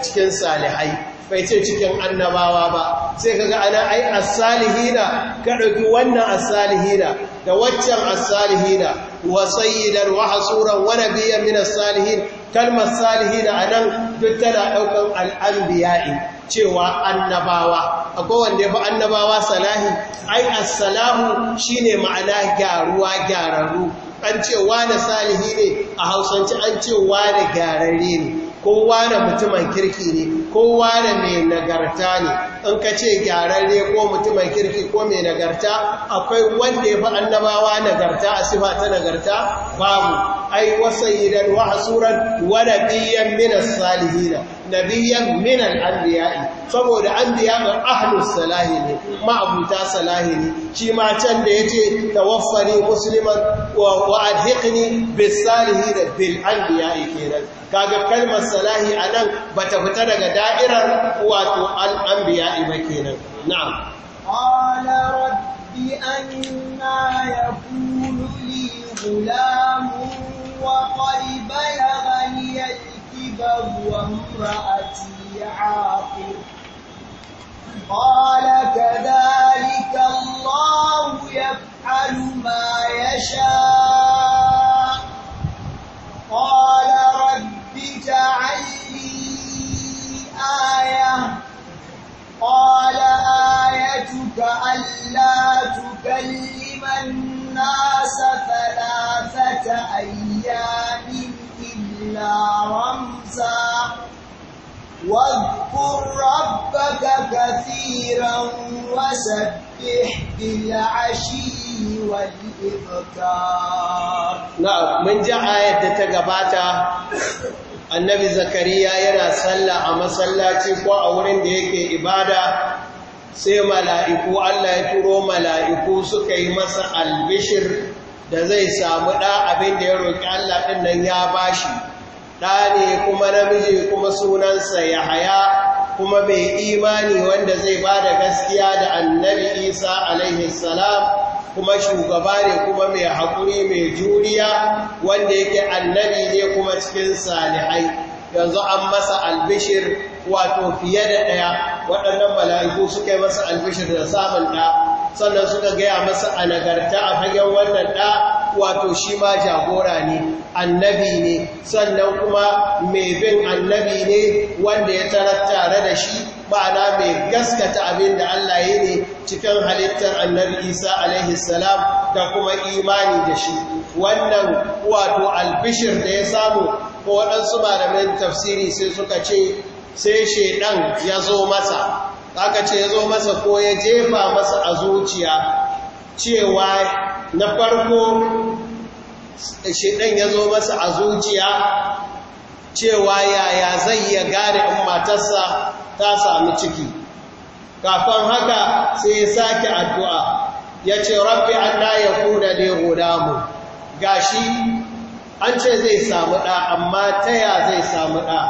cikin salihai bai ce cikin annabawa ba sai kaga ana ai as-salihina ka dauki wannan as-salihina da waccan as-salihina wa sayyidan wa hasuran wa nabiyyan min as-salihin kalmar salihina anan duk tana daukan al-anbiya'i cewa annabawa akwai wanda ya annabawa salahi ai salahu shine ma'ana gyaruwa gyararru an ce wane salihi ne a hausance an ce wane gararre ne ko wane mutumin kirki ne kowa da mai nagarta ne in ka ce gyararre ko mutumin kirki ko mai nagarta akwai wanda ya fi annabawa nagarta a sifa ta nagarta babu ai wasayidan wa hasuran wa nabiyyan min as-salihin nabiyyan min al-anbiya'i saboda anbiya ga ahlus salahi ne ma'abuta salahi ne shi ma can da yace tawaffani musliman wa adhiqni bis salihin bil anbiya'i kenan kaga kalmar salahi anan bata fita daga دائرة وات الأنبياء مكينا نعم قال رب أنا يكون لي غلام وقد بلغني الكبر وامرأتي عاقل قال كذلك الله يفعل ما يشاء قال رب اجعل لي آية قال آيتك ألا تكلم الناس ثلاثة أيام إلا رمزا واذكر ربك كثيرا وسبح بالعشي والإبكار نعم من جاء آية تتقباتا annabi zakariya yana sallah a masallaci ko a wurin da yake ibada sai mala'iku Allah ya turo mala'iku suka yi masa albishir da zai samu ɗa abin da ya roƙi Allah ɗin nan ya bashi ɗa ne kuma namiji kuma sunansa ya haya kuma mai imani wanda zai ba da gaskiya da annabi isa salam. kuma shugaba ne kuma mai haƙuri mai juriya wanda yake annabi ne kuma cikin salihai yanzu an masa albishir wato fiye da ɗaya waɗannan mala'iku suka yi masa albishir da samun ɗa sannan suka gaya masa a nagarta a fagen wannan ɗa wato shi ma jagora ne annabi ne sannan kuma mai bin annabi ne wanda ya tarar tare da shi ma'ana mai gaskata abin da Allah ya ne cikin halittar annar Isa alaihi salam da kuma imani da shi wannan wato albishir da ya samu ko waɗansu malamin tafsiri sai suka ce sai shedan ya zo masa aka ce ya zo masa ko ya jefa masa a zuciya cewa na farko shedan ya zo masa a zuciya cewa yaya zai ya gane in matarsa ta sami ciki kafin haka sai ya sake addu'a ya ce rabbi Allah ya kuna ne mu gashi an ce zai samu ɗa amma ta ya zai samu ɗa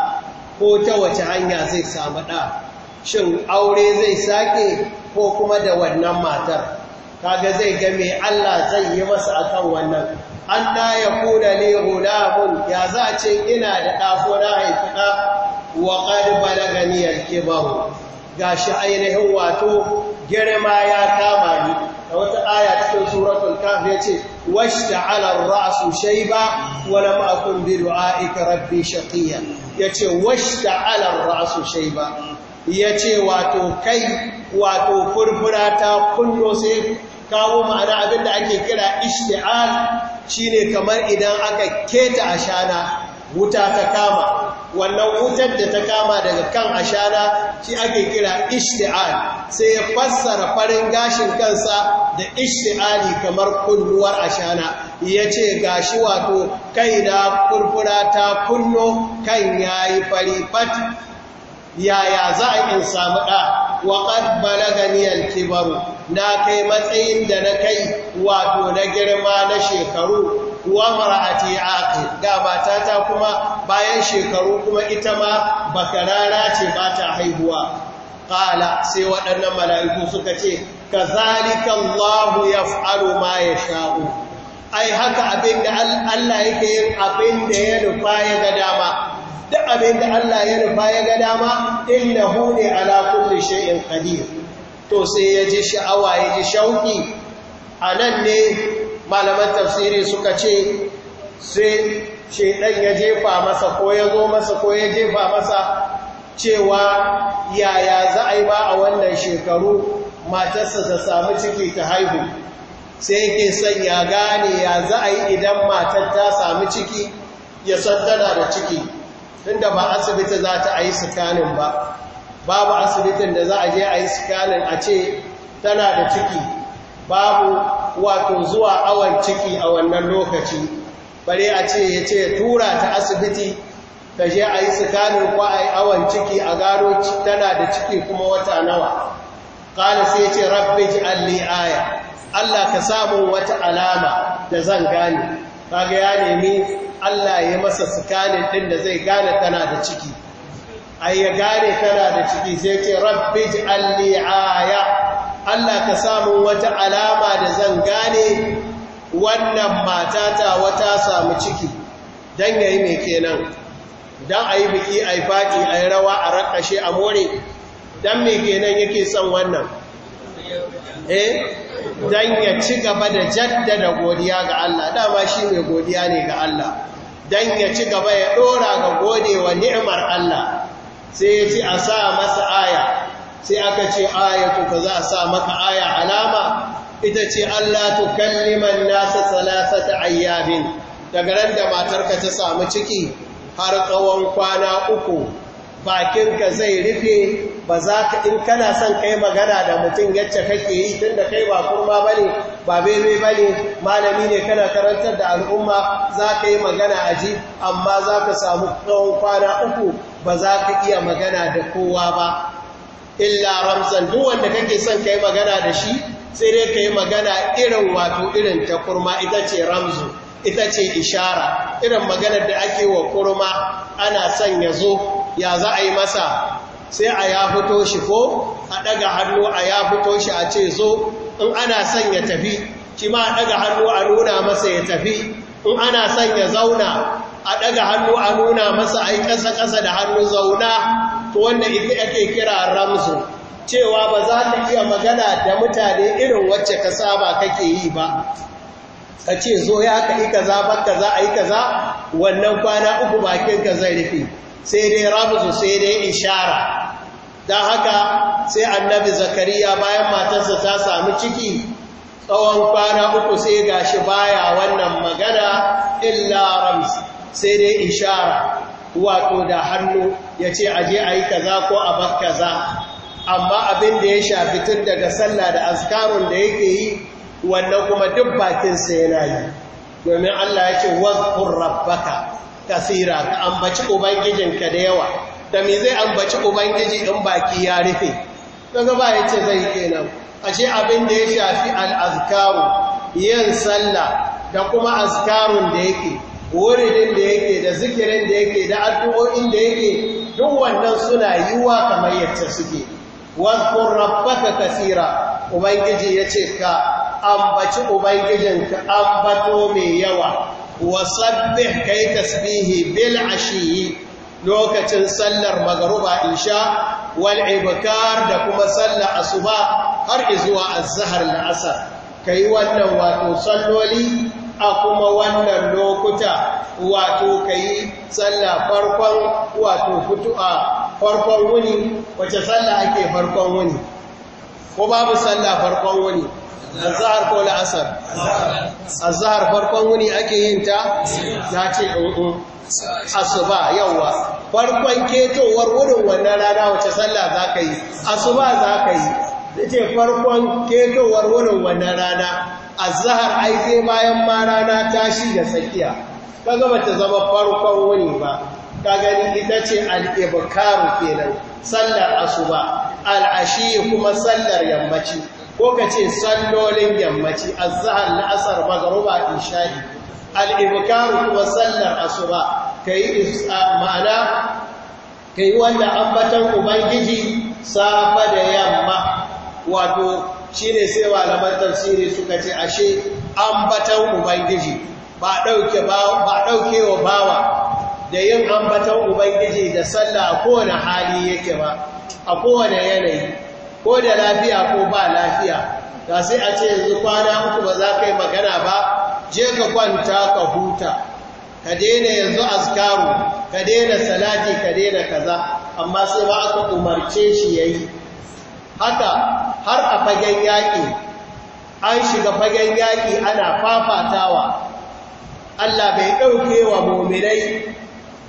ko ta wace hanya zai samu ɗa shin aure zai sake ko kuma da wannan matar kaga zai game Allah zai yi masa akan wannan an ya kula ne hulamun ya za ce ina da ɗafo na haifuka wa ƙarfa da ganiyar kibahu ga shi ainihin wato girma ya kama ni da wata aya cikin suratun kafin ya ce washta ala ra'su shayba biyu a akun bi ya rabbi wasu yace washta shai ba? Ya ce wato kai wato furfura ta kunyo sai kawo ma'ana abinda ake kira ishti'al shine kamar idan aka keta ashana wuta ta kama wannan wutar da ta kama daga kan ashana shi ake kira ishti'al sai ya fassara farin gashin kansa da ishti'ali kamar kunnuwar ashana ya ce gashi wato kai na furfura ta kunno kan yayi fari fat yaya za a in samu ɗa wa ƙad ganiyar kibaru na kai matsayin da na kai wato na girma na shekaru wa mara'ati aqil ta ta kuma bayan shekaru kuma ita ma bakarara ce ba ta haihuwa qala sai waɗannan mala'iku suka ce kazalika Allahu yaf'alu ma ya sha'u ai haka abinda Allah yake yin abinda ya nufa ya ga dama duk abin da Allah ya nufa ya ga dama innahu ne ala kulli shay'in qadir to sai ya ji sha'awa ya ji shauki anan ne malaman tafsiri suka ce sai shedan ya jefa masa ko ya zo masa ko ya jefa masa cewa yaya za a yi ba a wannan shekaru matarsa ta samu ciki ta haihu sai ke son ya gane ya za a yi idan matar ta samu ciki ya san tana da ciki tunda ba asibiti za ta ayi yi sikanin ba babu asibitin da za a je a yi sikanin a ce tana da ciki babu wato zuwa awon ciki a wannan lokaci bare a ce ya ce tura ta asibiti ta je a yi sikanin ko a yi awon ciki a gano tana da ciki kuma wata nawa ƙala sai ce rabbi ji alli aya Allah ka samu wata alama da zan gane kaga ya nemi Allah ya masa sukanin din da zai gane tana da ciki ai ya gane tana da ciki sai ce rabbij alli aya Allah ka samu wata alama da zan gane wannan matata wata samu ciki dan yayi me kenan dan ayi biki ayi fati ayi rawa a rakashe a more dan me kenan yake son wannan eh don ya ci gaba da jaddada godiya ga Allah dama shi mai godiya ne ga Allah don ya ci gaba ya ɗora ga godewa ni'imar Allah sai ya ci a sa masa aya sai aka ce ayatu ka za a sa maka aya alama ita ce Allah kalliman nasa salasa ta ayyabin daga ran da matarka ta samu ciki har tsawon kwana uku ka zai rufe ba za ka in kana son kai magana da mutum yacce kake yi tun da kai ba kurma ba ne ba bebe ba ne malami ne kana karantar da al'umma za ka yi magana a ji amma za ka samu tsawon kwana uku ba za ka iya magana da kowa ba illa ramzan duk wanda kake son kai magana da shi sai dai ka yi magana irin wato irin ta kurma ita ce ramzu ita ce ishara irin maganar da ake wa kurma ana son ya zo ya za a yi masa sai a ya fito shi ko a ɗaga hannu a ya fito shi a ce zo in ana son ya tafi shi ma a ɗaga hannu a nuna masa ya tafi in ana son ya zauna a ɗaga hannu a nuna masa a yi ƙasa-ƙasa da hannu zauna to wanda ita ake kira ramzu cewa ba za ta iya magana da mutane irin wacce ka saba kake yi ba ka ce zo ya ka yi kaza ka za a yi kaza wannan kwana uku bakin ka zai rufe sai dai rabutu sai dai ishara don haka sai annabi zakariya bayan matarsa ta sami ciki tsawon kwana uku sai gashi baya wannan magana illa rams sai dai ishara wato da hannu ya ce aje a yi kaza ko a bar kaza amma abin da ya shafi tun daga sallah da azkarun da yake yi wannan kuma duk bakinsa yana yi domin Allah ya ce wazkur rabbaka kasira ka ambaci ubangijinka da yawa da me zai ambaci ubangiji in baki ya rufe daga ba yace zai kenan ashe abin da ya shafi al yin sallah da kuma azkarun da yake wuridin da yake da zikirin da yake da addu'o'in da yake duk wannan suna yiwa kamar yadda suke wazkur rabbaka kasira ubangiji yace ka ambaci ubangijin ubangijinka ambato mai yawa wasabbih kai tasbihi bil ashiyi lokacin sallar magruba isha wal ibkar da kuma sallar asuba har zuwa azhar al asr kai wannan wato salloli a kuma wannan lokuta wato kai sallar farkon wato futu'a farkon wuni wace sallah ake farkon wuni ko babu sallah farkon wuni azhar ko la'asar azhar farkon wuni ake yin ta na ce ɗan'un asuba yawa farkon ketowar wurin wannan rana wace sallah za ka yi asuba za ka yi da ce farkon ketowar wurin wannan rana azhar ai sai bayan ma rana tashi da tsakiya kaga ta zama farkon wuni ba ka gani ita ce al-ibkaru kenan sallar asuba al-ashi kuma sallar yammaci ko ka ce sallolin yammaci azhar la'asar magruba isha'i al-ibkaru kuma sallar asuba kai ma'ana kai wanda ambatan ubangiji safa da yamma wato shine sai malaman tafsiri suka ce ashe ambatan ubangiji ba dauke ba bawa da yin ambatan ubangiji da sallah a kowane hali yake ba a kowane yanayi ko da lafiya ko ba lafiya ga sai a ce yanzu kwana uku ba za ka yi magana ba je ka kwanta ka huta ka daina yanzu azkaru ka daina salati ka daina kaza amma sai ba aka umarce shi yayi haka har a fagen yaƙi an shiga fagen yaƙi ana fafatawa Allah bai ɗauke wa muminai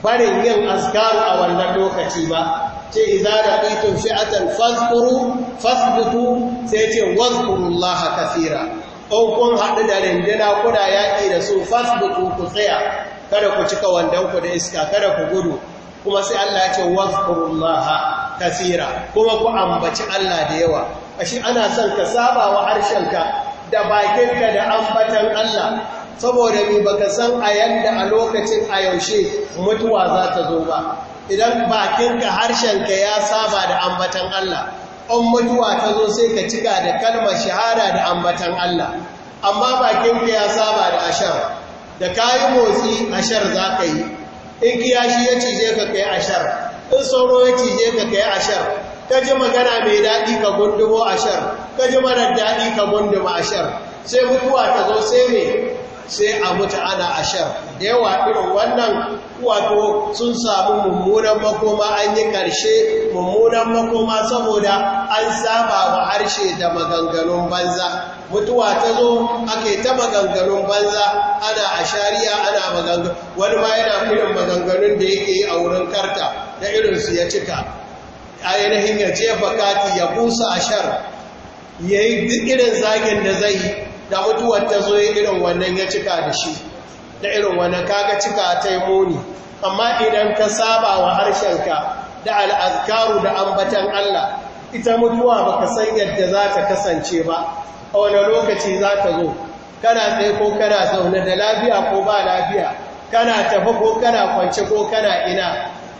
barin yin azkaru a wannan lokaci ba ce da laqitum fi'atan fasburu fasbutu sai ce wazkurullaha kafira!" Ɗaukun haɗu da rindina kuna yaƙi da su fasbutu ku tsaya kada ku cika wandan ku da iska kada ku gudu kuma sai Allah ya ce wazkurullaha kafira!" kuma ku ambaci Allah da yawa shi ana son ka saba wa harshenka da bakinka da ambatan Allah saboda ni baka san a yadda a lokacin a yaushe mutuwa za ta zo ba idan bakinka harshenka ya saba da ambatan Allah an mutuwa ta zo sai ka cika da kalmar shahara da ambatan Allah amma bakinka ya saba da ashar da kayi motsi ashar za ka yi in kiyashi ya cije ka kai ashar in sauro ya cije ka kai ashar ka ji magana mai daɗi ka gundumo ashar ka ji marar daɗi ka gunduma ashar sai mutuwa ta zo sai mai sai a mutu ana ashar da yawa irin wannan wato sun samu mummunan makoma an yi ƙarshe mummunan makoma saboda an saba wa harshe da maganganun banza mutuwa ta zo ake ta maganganun banza ana ashariya ana maganganun wani ma yana irin maganganun da yake yi a wurin karta da irinsu ya cika ainihin ya jefa kati ya busa ashar ya yi duk irin zagin da zai da mutuwar ta zo irin wannan ya cika da shi da irin wannan kaga cika ta yi muni amma idan ka saba wa harshen ka, da al'azkaru da ambatan Allah ita mutuwa ba ka san yadda za ta kasance ba a wani lokaci za ta zo kana tsaye ko kana zaune da lafiya ko ba lafiya kana tafi ko kana kwance ko kana ina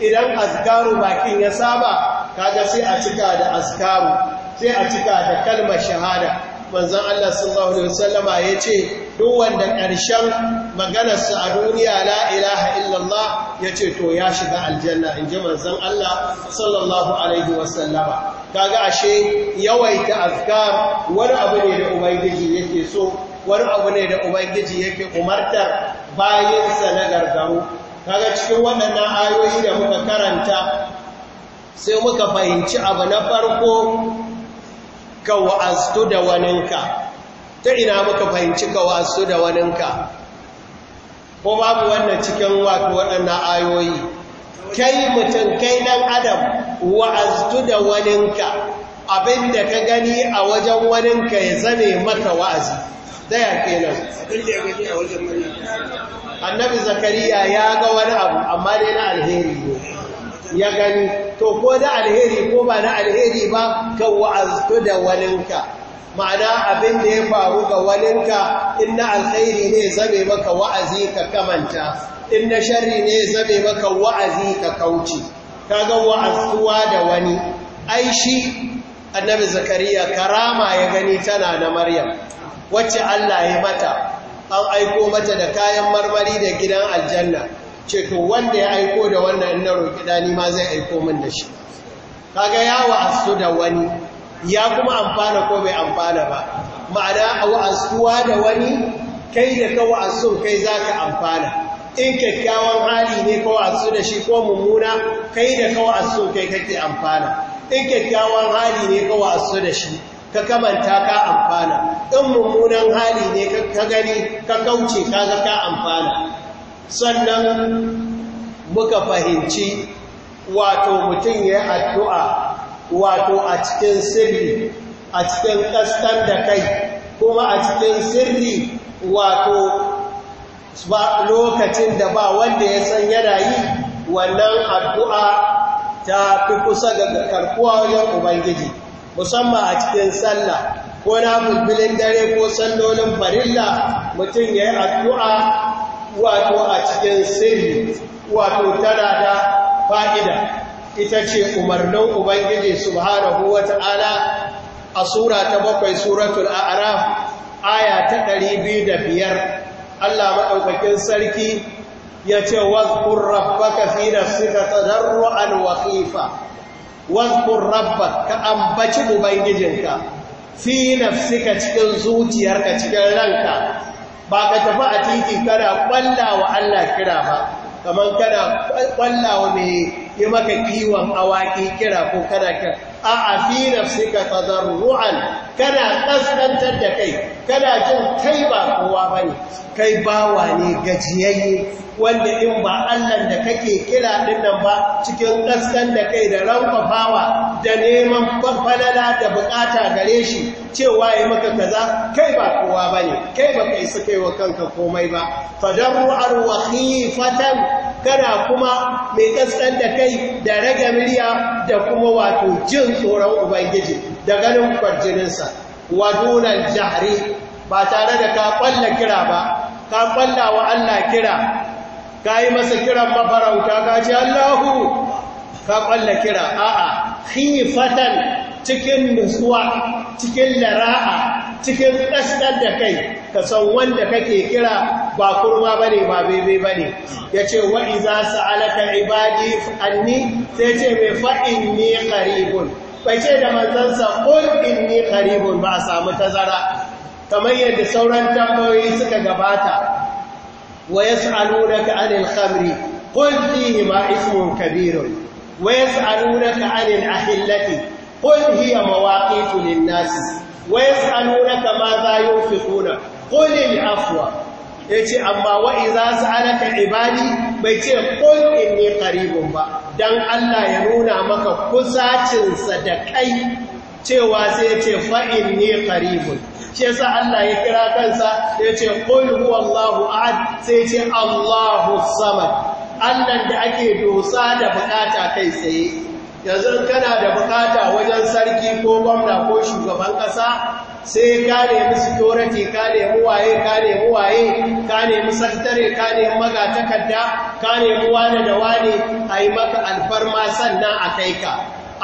idan azkaru bakin ya saba kaga sai a cika da azkaru sai a cika da kalmar shahada manzan Allah sallallahu alaihi wasallama yace duk wanda ƙarshen maganarsa a duniya la ilaha illallah ya ce to ya shiga aljanna inji manzan Allah sallallahu alaihi wasallama kaga ashe yawaita azgar wani abu ne da ubangiji yake so wani abu ne da ubangiji yake umartar bayansa na gargaru kaga cikin waɗannan ayoyi da muka karanta sai muka fahimci abu na farko ka wa'aztu da waninka ta ina muka fahimci ka wa'aztu da waninka ko babu wannan cikin wato waɗannan ayoyi kai mutum kai ɗan adam wa'aztu da waninka da ka gani a wajen waninka ya zame maka wa'azi daya kenan annabi zakariya ya ga wani abu amma dai na alheri ne ya gani to ko da alheri ko ba na alheri ba ka wa'azu da walinka, ma'ana abin da ya faru ga walinka. Inna alkhairi ne zabe maka wa'azi ka kamanta inna na sharri ne zabe maka wa'azi ka kauce kaga wa'azuwa da wani ai shi annabi zakariya karama ya gani tana na maryam wacce Allah ya mata an aiko mata da kayan marmari da gidan aljanna ce to wanda ya aiko da wannan in na roƙi da ma zai aiko min da shi kaga ya asu da wani ya kuma amfana ko bai amfana ba ma'ana a asuwa da wani kai da ka asu kai zaka amfana in kyakkyawan hali ne ka asu da shi ko mummuna kai da ka asu kai kake amfana in kyakkyawan hali ne ka asu da shi ka kamanta ka amfana in mummunan hali ne ka gani ka kauce kaga ka amfana sannan muka fahimci wato mutum ya addu'a wato a cikin sirri a cikin ƙastar da kai kuma a cikin sirri wato lokacin da ba wanda ya san yana yi wannan addu'a ta fi kusa daga karkuwa wajen Ubangiji, musamman a cikin sallah ko na bulbulin dare ko sandolin farilla mutum ya yi addu'a wato a cikin sirri wato tana da fa'ida ita ce umarnin ubangiji subhanahu ta'ala a sura ta bakwai suratul a'raf aya ta ɗari biyu da biyar Allah maɗaukakin sarki ya ce wazkur rabbaka fi nafsika tadarru'an wa khifa wazkur rabbaka ka ambaci ubangijinka fi nafsika cikin zuciyarka cikin ranka ba ka tafi a titi kana kwallawa wa Allah kira ba kamar kana kwalla wa mai yi maka kiwon awaki kira ko kada kira a afi nafsika tadarru'an kana kaskantar da kai kana jin kai ba kowa ne kai bawa ne gajiyayye wanda in ba Allah da kake kira ɗinnan ba cikin kaskan da kai da bawa da neman falala da bukata gare shi cewa ya maka kaza kai ba kowa bane kai ba kai suka yi wa kanka komai ba fadarru'ar wa khifatan kana kuma mai kaskan da kai kai da rage miliya da kuma wato jin tsoron ubangiji da ganin kwarjininsa wa dunan jahri ba tare da ka kwalla kira ba ka kwalla wa Allah kira ka yi masa kiran mafarauta ka ce Allahu ka kwalla kira a'a khifatan cikin nutsuwa cikin lara'a cikin ɗasɗar da kai ka san wanda kake kira ba kurma ba ne ba bebe ba ne ya ce wa'i za su alaka ibadi anni sai ce mai fa'in ne ƙaribun. bai ce da manzansa ƙul'in ne ƙaribun ba a samu tazara kamar yadda sauran tambayoyi suka gabata wa ya sa'alu daga anil khamri ƙul'in ma ismun kabirun ahillati قل هي مواقيت للناس ويسألونك ماذا ينفقون قل العفو yace amma wa idza sa'alaka ibadi bai ce qul inni qaribun ba dan Allah ya nuna maka kusacin sa da kai cewa sai yace fa inni qaribun shi yasa Allah ya kira kansa yace qul huwallahu ahad sai yace Allahu samad Allah da ake dosa da bukata kai tsaye yanzu kana da bukata wajen sarki ko gwamna ko shugaban kasa sai ka nemi security ka nemi waye ka nemi waye ka nemi sartare ka nemi magatakarda ka nemi wane da wane a yi maka alfarma sannan a kai ka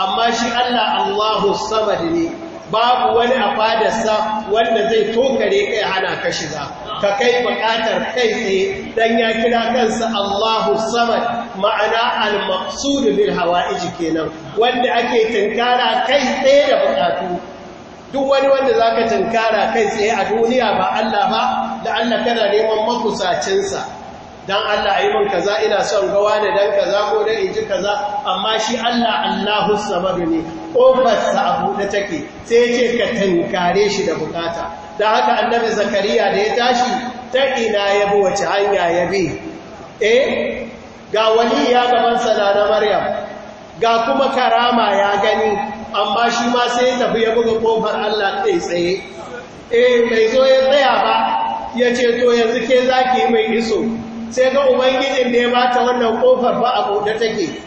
amma shi Allah Allahu samad ne babu wani a fadarsa wanda zai tokare kai hana ka shiga ka kai bukatar kai tsaye dan ya kira kansa Allahu samad ma'ana al-maqsud bil hawa'ij kenan wanda ake tinkara kai tsaye da bukatu duk wani wanda zaka tinkara kai tsaye a duniya ba Allah ba da Allah kana neman makusacin sa dan Allah ayi min kaza ina son gawa da dan kaza ko dan inji kaza amma shi Allah Allahu samadu ne Ƙofarsa sa abu da take sai ce ka tinkare shi da bukata da haka annabi zakariya da ya tashi ta ina yabo wace hanya yabi eh ga wani ya gabansa da na maryam ga kuma karama ya gani amma shi ma sai ya tafi ya buga kofar allah ɗai tsaye eh mai zo ya tsaya ba ya ce to yanzu ke za ki mai iso sai ga ubangijin da ya bata wannan kofar ba a bude take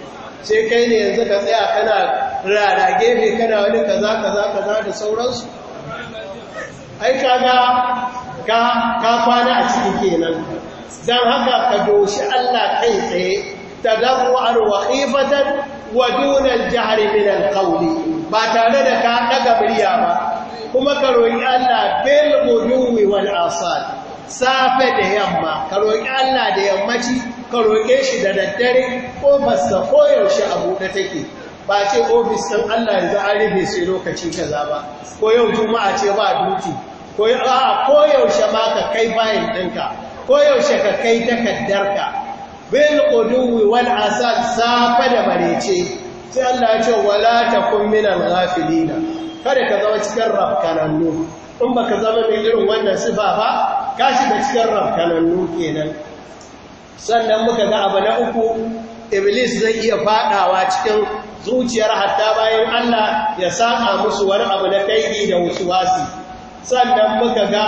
sai kai ne yanzu ka tsaya kana rara gefe kana wani kaza kaza kaza da sauransu ai kaga ka kwana a ciki kenan don haka ka doshi Allah kai tsaye ta wa khifatan wa dun al-jahr min ba tare da ka daga murya ba kuma ka roki Allah bil ghuduwi wal asal safe da yamma ka roki Allah da yammaci ka roƙe shi da daddare ko basta ko yaushe abu da take ba ce ofis ɗin Allah yanzu an rufe sai lokaci kaza ba ko yau juma'a ce ba duti ko a ko yaushe ma ka kai bayin ɗinka koyaushe ka kai takaddarka bil quduwi wal asad safa da barece sai Allah ya ce wala takun al ghafilina kada ka zama cikin rafkanannu in baka zama mai irin wannan sifa ba ka shiga cikin rafkanannu kenan sannan muka ga abu na uku iblis zai iya fadawa cikin zuciyar hatta bayan Allah ya saka musu wani abu na kaidi da wasu wasi sannan muka ga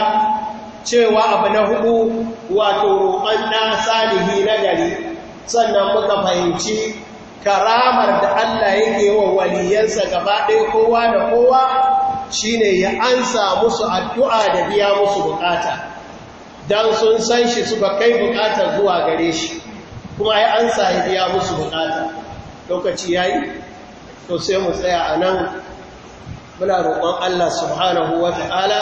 cewa abu na hudu wato roƙon ɗan salihi na gari sannan muka fahimci karamar da Allah yake wa waliyansa gaba ɗaya kowa da kowa shine ya ansa musu addu'a da biya musu bukata don sun san shi suka kai buƙatar zuwa gare shi kuma ya ansa ya biya musu bukata lokaci ya yi to sai mu tsaya a nan muna roƙon Allah subhanahu wa ta'ala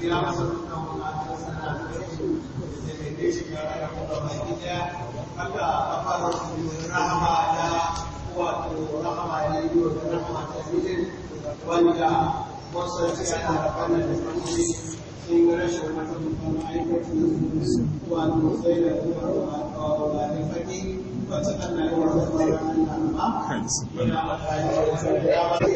ya masa dukkan bukatun sana da shi da ke shi ga da kuma baki daya haka a fara rahama da wato rahama da yi da rahama ta zidin wanda wasu ci ana da fannin da fannin sun yi rashin mata dukkan ma'aikacin wato sai da kuma wato da fadi wacce ana yi wa zama ranar amma ina a kayan da